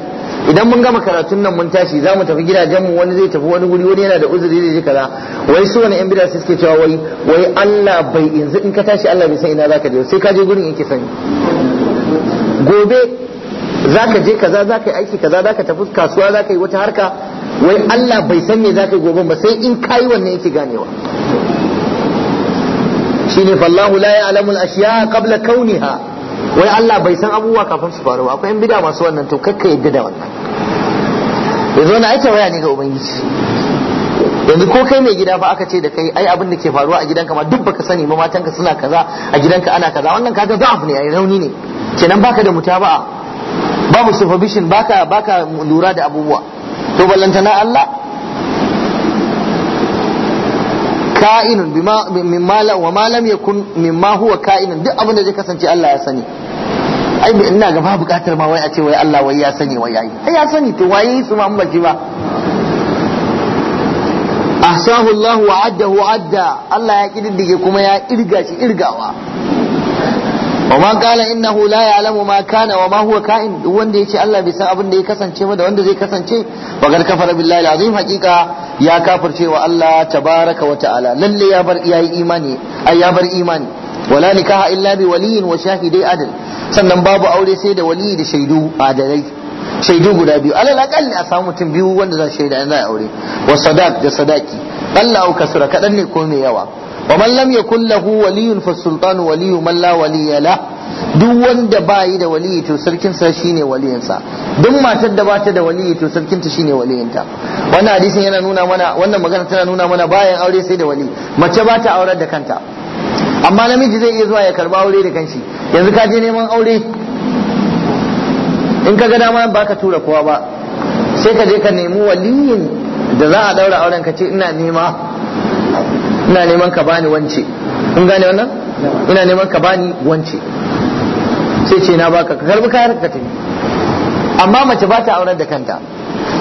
idan mun gama karatun nan mun tashi za mu tafi mu wani zai tafi wani guri wani yana da uzuri zai je kaza wai su wani yan bida su suke cewa wai wai Allah bai yanzu in ka tashi Allah bai san ina zaka je sai ka je gurin ki sani gobe zaka je kaza zaka yi aiki kaza zaka tafi kasuwa zaka yi wata harka wai Allah bai san me zaka yi gobe ba sai in kai wannan yake ganewa shine fallahu la ya'lamul ashiya qabla kauniha wai Allah bai san abubuwa kafin su faru akwai yan bida masu wannan to kakka yadda da wannan yanzu wannan aita waya ne ga ubangiji yanzu ko kai mai gida fa aka ce da kai ai abin da ke faruwa a gidanka ma duk baka sani ba matanka suna kaza a gidanka ana kaza wannan kaga za'af ne ai rauni ne kenan baka da mutaba'a babu supervision baka baka lura da abubuwa to ballantana Allah ka'inun bima wa ma kun yakun mimma huwa ka'inun duk abin da zai kasance Allah ya sani ai ina ga ba bukatar ma wai a ce wai Allah wai ya sani wai yayi ai ya sani to waye su ma ba ba ahsahu Allah wa addahu adda Allah ya kididdige kuma ya irga shi irgawa wa man qala innahu la ya'lamu ma kana wa ma huwa ka'in duk wanda ce Allah bai san abin da ya kasance ba da wanda zai kasance wa gar kafara billahi azim hakika ya kafirce wa Allah baraka wa ta'ala lalle ya bar imani ai wala nikaha illa bi waliyin wa shahidai adl sannan babu aure sai da waliyi da shaidu adalai shaidu guda biyu alal aqalli a samu mutum biyu wanda za shaida in za a aure wa sadaq da sadaki Allah au kaɗan ne ko mai yawa wa man lam yakul lahu waliyun fa sultanu waliyu man la waliya la duk wanda ba yi da waliyi to sarkin sa shine waliyinsa duk matar da bata da waliyi to sarkin ta shine waliyinta wannan hadisin yana nuna mana wannan magana tana nuna mana bayan aure sai da wali mace ba ta aurar da kanta amma namiji zai iya zuwa ya karba aure da kanshi yanzu ka je neman aure in ka ga dama ba ka tura kowa ba sai ka je ka nemi waliyin da za a daura auren ka ce ina nema ina neman ka bani wance kun gane wannan ina neman ka bani wance sai ce na baka ka karbi kayan ka tafi amma mace ba ta aurar da kanta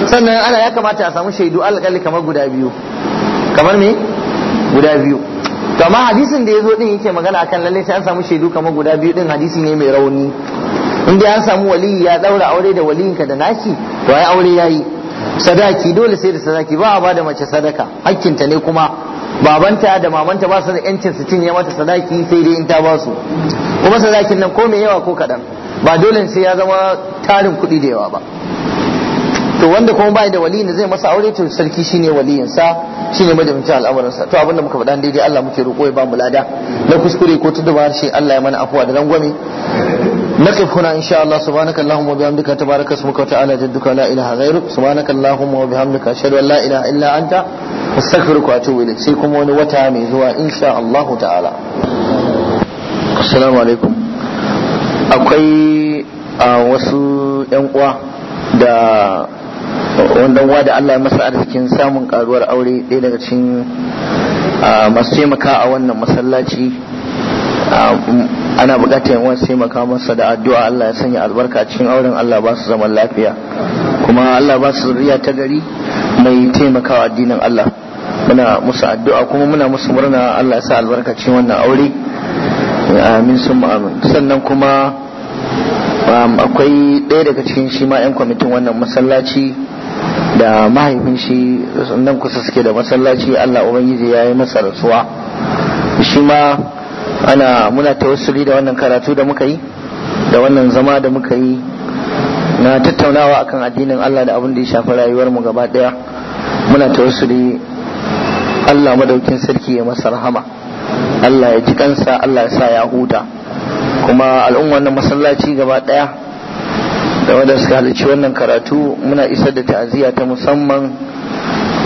sannan ana ya kamata a samu shaidu alƙali kamar guda biyu kamar me guda biyu to amma hadisin da ya zo din yake magana akan lalle sai an samu shaidu kamar guda biyu din hadisi ne mai rauni inda an samu wali ya daura aure da ka da nashi to ai aure yayi sadaki dole sai da sadaki ba a bada mace sadaka hakkinta ne kuma babanta da mamanta ba su da yancin su cinye mata sadaki sai dai in ta ba su kuma sadakin nan ko mai yawa ko kaɗan ba dole sai ya zama tarin kuɗi da yawa ba to wanda kuma bai da waliyin zai masa aure to sarki shine waliyin sa shine majamincin al'amuran sa to abin da muka faɗa dai Allah muke roƙo ya ba mu lada na kuskure ko tudu ba harshe Allah ya mana afuwa da rangwame نقف هنا إن شاء الله سبحانك اللهم وبحمدك تبارك اسمك وتعالى جدك لا إله غيرك سبحانك اللهم وبحمدك أشهد أن لا إله إلا أنت أستغفرك وأتوب إليك سيكم ونوتامي هو إن شاء الله تعالى السلام عليكم akwai wasu yan دا wanda uwa da Allah ya masa arzikin samun karuwar aure ɗaya daga cikin masu taimaka a wannan masallaci ana bukatar yawan sai masa da addu'a Allah ya sanya albarka cikin auren Allah ba su zaman lafiya kuma Allah ba su zuriya ta gari mai taimakawa addinin Allah muna musu addu'a kuma muna musu murna Allah ya sa albarka cikin wannan aure amin sun amin sannan kuma um, akwai ɗaya daga cikin shi ma 'yan kwamitin wannan masallaci da mahaifin shi nan kusa suke da masallaci Allah Ubangiji ya yi masa rasuwa shi ma ana muna tawassuli da wannan karatu da muka yi da wannan zama da muka yi na tattaunawa akan addinin Allah da abin da ya shafi rayuwar mu gaba daya muna tawassuli Allah madaukin sarki ya masa rahama Allah ya ji kansa Allah ya sa ya huta kuma al'umma wannan masallaci gaba daya da wanda suka halarci wannan karatu muna isar da ta'aziyya ta musamman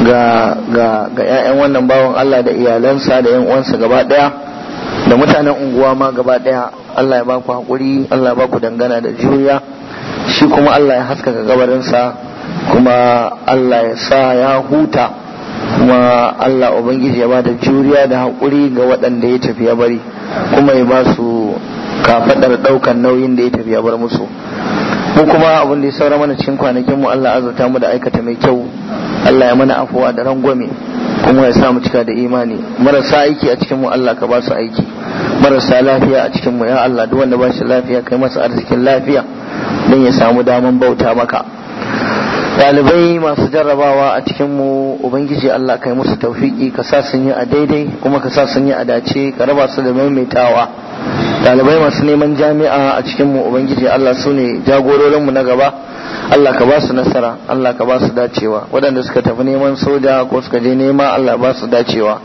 ga ga ga 'ya'yan wannan bawan Allah da iyalansa da 'yan uwansa gaba daya da mutanen unguwa ma gaba daya Allah ya baku hakuri Allah ya baku dangana da juriya shi kuma Allah ya haskaka gabarinsa kuma Allah ya sa ya huta kuma Allah ubangiji ya bada juriya da hakuri ga waɗanda ya tafi ya bari kuma ya ba su kafaɗar ɗaukan nauyin da ya tafi ya bar musu mu kuma abin da ya saura mana cikin kwanakin mu Allah azurta mu da aikata mai kyau Allah ya mana afuwa da rangwame kuma ya samu cika da imani marasa aiki a cikin mu Allah ka ba su aiki marasa lafiya a cikin mu ya Allah duk wanda ba shi lafiya kai masa arzikin lafiya don ya samu daman bauta maka dalibai masu jarrabawa a cikin mu ubangiji Allah kai musu taufiki ka sa sun yi a daidai kuma ka sa sun yi a dace ka raba su da maimaitawa dalibai masu neman jami'a a cikin mu ubangiji Allah su ne mu na gaba Allah ka ba su nasara Allah ka ba su dacewa waɗanda suka tafi neman soja ko suka je nema Allah ba su dacewa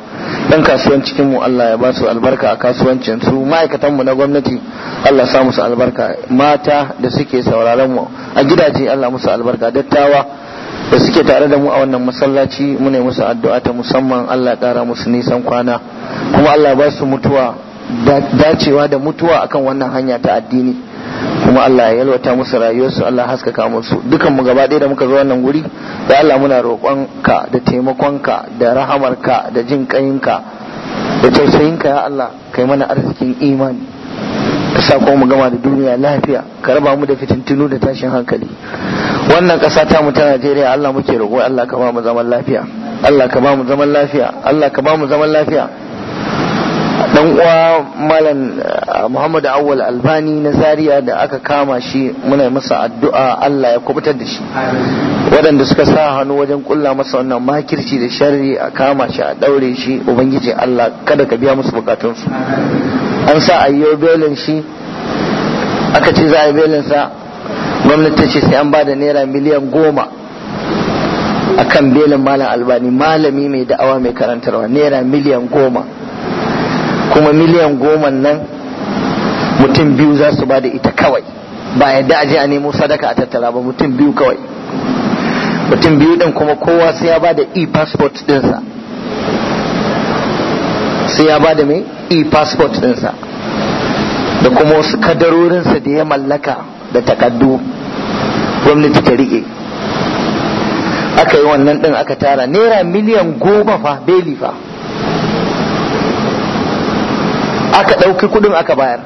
dan kasuwan cikin mu Allah ya ba su albarka a kasuwancin su ma'aikatan mu na gwamnati Allah sa musu albarka mata da suke sauraron mu a gidaje Allah musu albarka dattawa da suke tare da mu a wannan masallaci mu ne musu addu'a ta musamman Allah ƙara musu nisan kwana kuma Allah ba su mutuwa dacewa da mutuwa akan wannan hanya ta addini kuma Allah ya yalwata musu rayuwarsu Allah haskaka musu dukan mu gaba ɗaya da muka zo wannan guri da Allah muna ka da ka da rahamarka da jin ka da ka ya Allah kai mana arzikin imani ka sa mu gama da duniya lafiya ka raba mu da fitintunu da tashin hankali wannan ƙasa ta mu ta Najeriya Allah muke roƙo Allah ka ba mu zaman lafiya Allah ka ba mu zaman lafiya Allah ka ba mu zaman lafiya dan uwa malam eh, Muhammad Awwal Albani na Zaria da aka kama shi muna masa addu'a Allah ya kubutar da shi waɗanda suka sa hannu wajen kulla masa wannan makirci da sharri a kama shi a daure shi ubangiji Allah kada ka biya musu bukatunsu an sa ayyo belin shi aka ce za a belin sa gwamnati ce sai an bada naira miliyan goma akan belin malam albani malami mai da'awa mai karantarwa naira miliyan goma kuma miliyan goma nan mutum biyu za su ba da ita kawai ba yadda je a nemo sadaka a tattara ba mutum biyu kawai mutum biyu din kuma kowa sai ya ba da e-passport dinsa sai ya ba da mai e-passport dinsa da kuma wasu kadarorinsa da ya mallaka da takaddu gwamnati ta riƙe aka yi wannan din aka tara naira miliyan goma fa beli fa aka ɗauki kudin aka bayar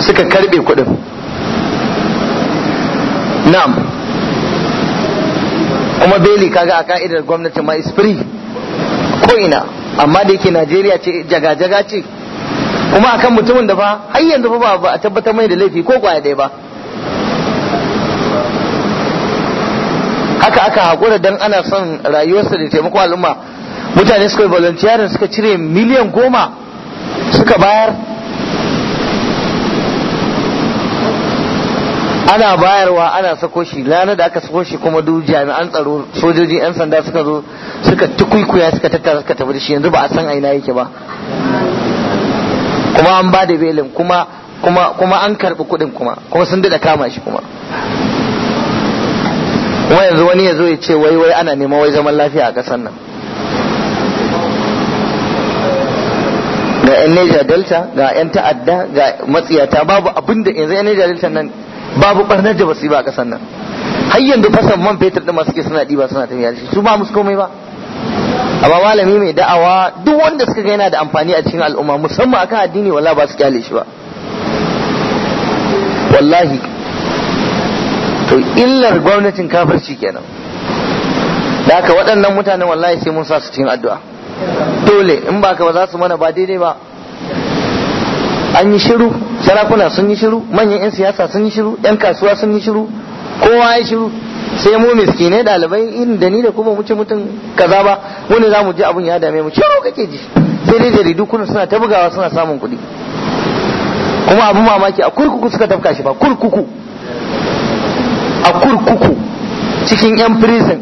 suka karbe kudin na'am kuma beli kaga a ka'idar gwamnati ma is ko'ina ko amma da yake najeriya ce jaga-jaga ce kuma akan mutumin da fa har yanzu fa ba a tabbatar mai da laifi ko kwaya ɗaya ba haka aka haƙura don ana son rayuwarsa da taimakon al'umma mutane suka yi volunteering suka cire miliyan goma suka bayar ana bayarwa ana sako shi ranar da aka sako shi kuma duk jami'an tsaro sojoji 'yan sanda suka zo suka tukuikuya suka tattara suka tafi da shi yanzu ba a san aina yake ba kuma an ba da belin kuma kuma kuma an karbi kuɗin kuma kuma sun daɗa kama shi kuma kuma yanzu wani ya zo ya ce wai wai ana neman wai zaman lafiya a ƙasar nan ga yan neja Delta ga yan ta'adda ga matsiyata babu abin da yanzu yan neja Delta nan babu barnar da basu yi ba a kasar nan har yanzu fasan man fetur din masu ke suna diba suna tafiya shi su ba musu komai ba ba malami mai da'awa duk wanda suka ga yana da amfani a cikin al'umma musamman akan addini wala ba su kyale shi ba wallahi to illar gwamnatin kafirci kenan da haka waɗannan mutanen wallahi sai mun sa su cikin addu'a dole in ba ka ba za su mana ba daidai ba an yi shiru sarakuna sun yi shiru manyan 'yan siyasa sun yi shiru 'yan kasuwa sun yi shiru kowa ya shiru sai mu miskinai ɗalibai irin da ni da kuma ci mutum kaza ba wani za mu ji abun ya dame mu shiru kake ji sai dai jaridu kuna suna ta bugawa suna samun kuɗi kuma abu mamaki a kurkuku suka tafka shi ba kurkuku a kurkuku cikin 'yan prison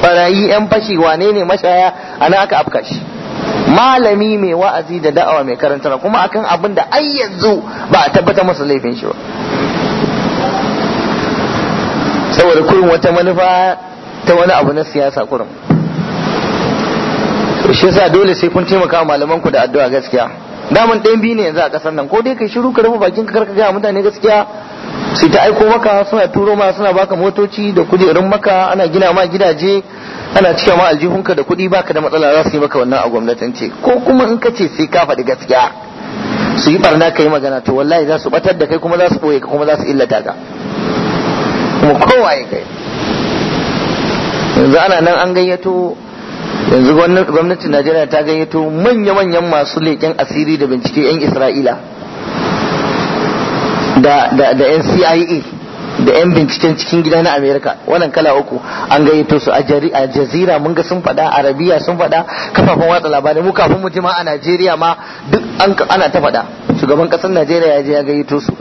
barayi yan fashi wane ne mashaya ana aka afka shi malami mai wa'azi da da'awa mai karanta kuma akan abin da ai ba a tabbata masa laifin shi ba saboda kurin wata manufa ta wani abu na siyasa kurin shi yasa dole sai kun taimaka malaman ku da addu'a gaskiya daman ɗayan biyu ne yanzu a ƙasar nan ko dai kai shiru ka rufe bakin ka karka gaya mutane gaskiya su ta aiko maka suna turo ma suna baka motoci da kujerun maka ana gina ma gidaje ana cika ma aljihunka da kuɗi baka da matsala za su yi maka wannan a gwamnatance ko kuma in ka ce sai ka faɗi gaskiya su yi barna ka yi magana to wallahi za su batar da kai kuma za su ɓoye ka kuma za su illata ka kuma kowa ya kai yanzu ana nan an gayyato yanzu gwamnatin najeriya ta gayyato manya-manyan masu leƙen asiri da bincike 'yan isra'ila da 'yan cia da 'yan binciken cikin gida na amerika wannan kala uku an gayyato su a jazira mun ga sun faɗa arabiya sun faɗa kafafen watsa labarai mu kafin mu ji ma a najeriya ma duk ana ta faɗa shugaban ƙasar najeriya ya je ya gayyato su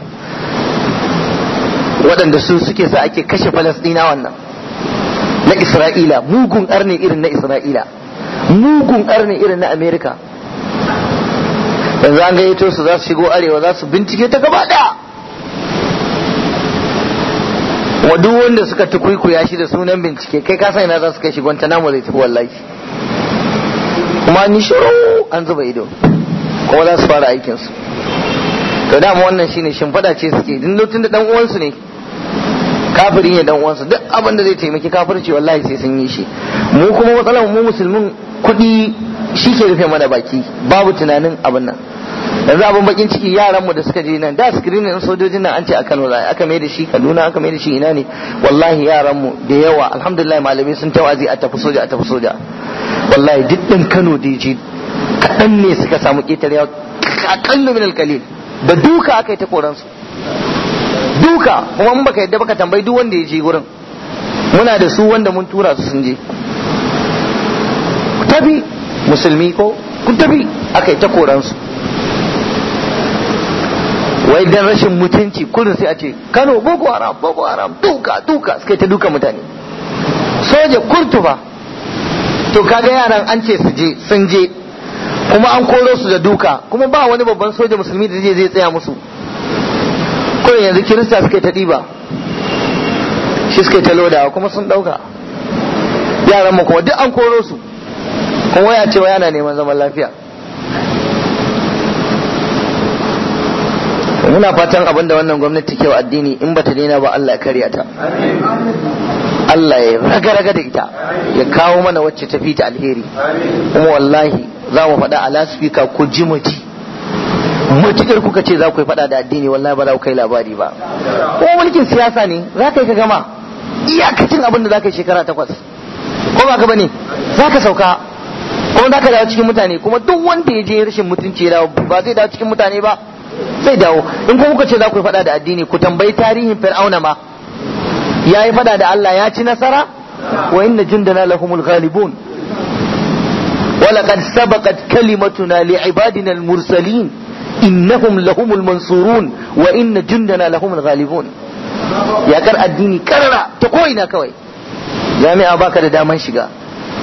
waɗanda su suke sa ake kashe falasɗina wannan na isra'ila mugun karni irin na isra'ila mugun karni irin na amerika yanzu an gayyato su za su shigo arewa za su bincike ta gaba daya duk wanda suka tukuikuya shi da sunan bincike kai kasan ina za su kai shi guantanamo zai tafi wallahi kuma ni shiru an zuba ido kuma za su fara aikinsu to dama wannan shine shimfiɗa ce suke din lokacin da dan uwansu ne kafiri ne dan uwansa duk abin da zai taimaki kafirci wallahi sai sun yi shi mu kuma matsalar mu musulmin kuɗi shi ke rufe mana baki babu tunanin abin nan yanzu abin bakin ciki yaran mu da suka je nan da din sojojin nan an ce a Kano aka mai da shi Kaduna aka mai da shi ina ne wallahi yaran mu da yawa alhamdulillah malamai sun tawazi a tafi soja a tafi soja wallahi duk din Kano da ji kaɗan ne suka samu ketare a kallu min kalil da duka aka ta koransu duka kuma mun baka yadda baka tambayi duk wanda ya je gurin muna da su wanda mun tura su sun je ku tafi musulmi ko ku tafi aka yi ta su wai dan rashin mutunci kullum sai a ce kano boko haram boko haram duka duka suka ta duka mutane soja kurtuba to kaga yaran an ce su je sun je kuma an koro su da duka kuma ba wani babban soja musulmi da zai tsaya musu kawai yanzu kirista suka ta ɗiba shi suka ta lodawa kuma sun ɗauka yaran mu duk an koro su kuma waya cewa yana neman zaman lafiya muna fatan abin da wannan gwamnati kyau addini in bata nina ba Allah ya karya ta Allah ya raga raga da ita ya kawo mana wacce ta fi ta alheri kuma wallahi za mu faɗa a lasfika ko jimaji matukar kuka ce za ku yi fada da addini wallahi ba za ku kai labari ba ko mulkin siyasa ne za ka yi ka gama iyakacin abin da za ka yi shekara takwas ko ba ka bane za ka sauka kuma za ka dawo cikin mutane kuma duk wanda ya je rashin mutunci ya dawo ba zai dawo cikin mutane ba zai dawo in kuma kuka ce za ku yi fada da addini ku tambayi tarihin fir'auna ma ya yi fada da Allah ya ci nasara wa inna jundana lahumul ghalibun ولقد سبقت كلمتنا لعبادنا المرسلين innahum lahumul mansurun wa inna jundana lahumul ghalibun yakar addini karara ta ko ina kawai jami'a baka da daman shiga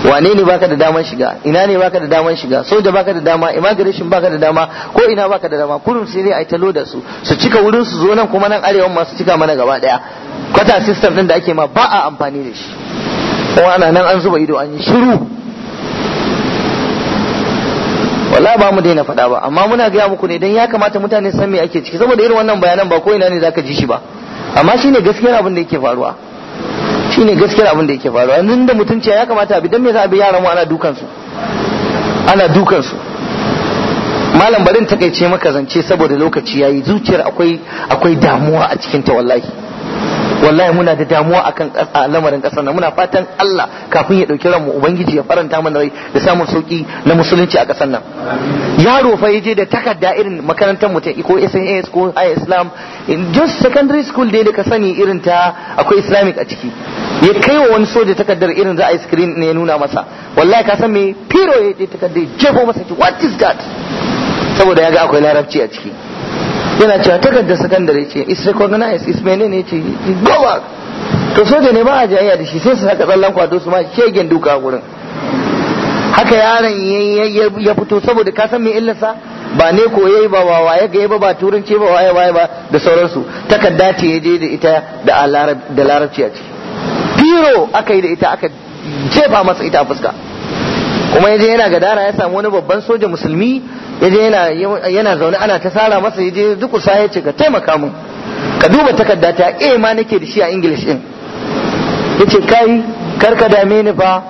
wane ne baka da daman shiga ina ne baka da daman shiga soja baka da dama immigration baka da dama ko ina baka da dama kurum sai dai ai talo da su su cika wurin su zo nan kuma nan arewa masu cika mana gaba daya kwata system din da ake ma ba a amfani da shi ko ana nan an zuba ido an yi shiru wala ba mu daina faɗa ba amma muna gaya muku ne don ya kamata mutane san me ake ciki saboda irin wannan bayanan ba ko ina ne zaka ji shi ba amma shine gaskiyar abin da yake faruwa shine gaskiyar abin da yake faruwa yanzu da mutunci ya kamata abi dan me za a bi yaran mu ana dukan su ana dukan su malam barin takaice maka zance saboda lokaci yayi zuciyar akwai akwai damuwa a cikin ta wallahi wallahi muna da damuwa akan lamarin kasar nan muna fatan Allah kafin ya dauki ranmu ubangiji ya faranta mana rai da samun sauki na musulunci a kasar nan yaro fa yaje da takarda irin makarantar mu ta ko SNS ko High Islam just secondary school dai da ka sani irin ta akwai Islamic a ciki ya kai wa wani soja takardar irin za a yi screen ne ya nuna masa wallahi ka san me piro ya takarda jefo masa what is that saboda ya ga akwai larabci a ciki yana cewa takarda sakandare ce is recognized is menene ce go back to soja ne ba a jayayya da shi sai su haka tsallan kwado su ma shegen duka a gurin haka yaron ya fito saboda ka san me illarsa ba ne ko yayi ba ba waye gaye ba ba turanci ba waye waye ba da sauransu takarda ce ya je da ita da larabci a ciki biro aka yi da ita aka jefa masa ita a fuska kuma yaje yana gadara ya samu wani babban soja musulmi yaje yana yana zaune ana ta sara masa yaje sa ya ce ka taimaka mun ka duba takarda ta eh ma nake da shi a english din yace kai kar ka dame ni fa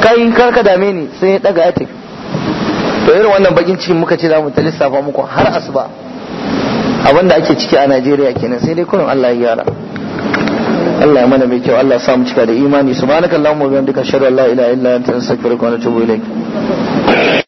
kai kar ka dame ni sai ya daga ya to irin wannan bakin cikin muka ce za mu ta lissafa muku har asuba abin da ake ciki a Najeriya kenan sai dai kurin Allah ya yara Allah ya mana mai kyau Allah ya samu cika da imani subhanakallahumma wa bihamdika ashhadu an la ilaha illa anta astaghfiruka wa atubu ilaik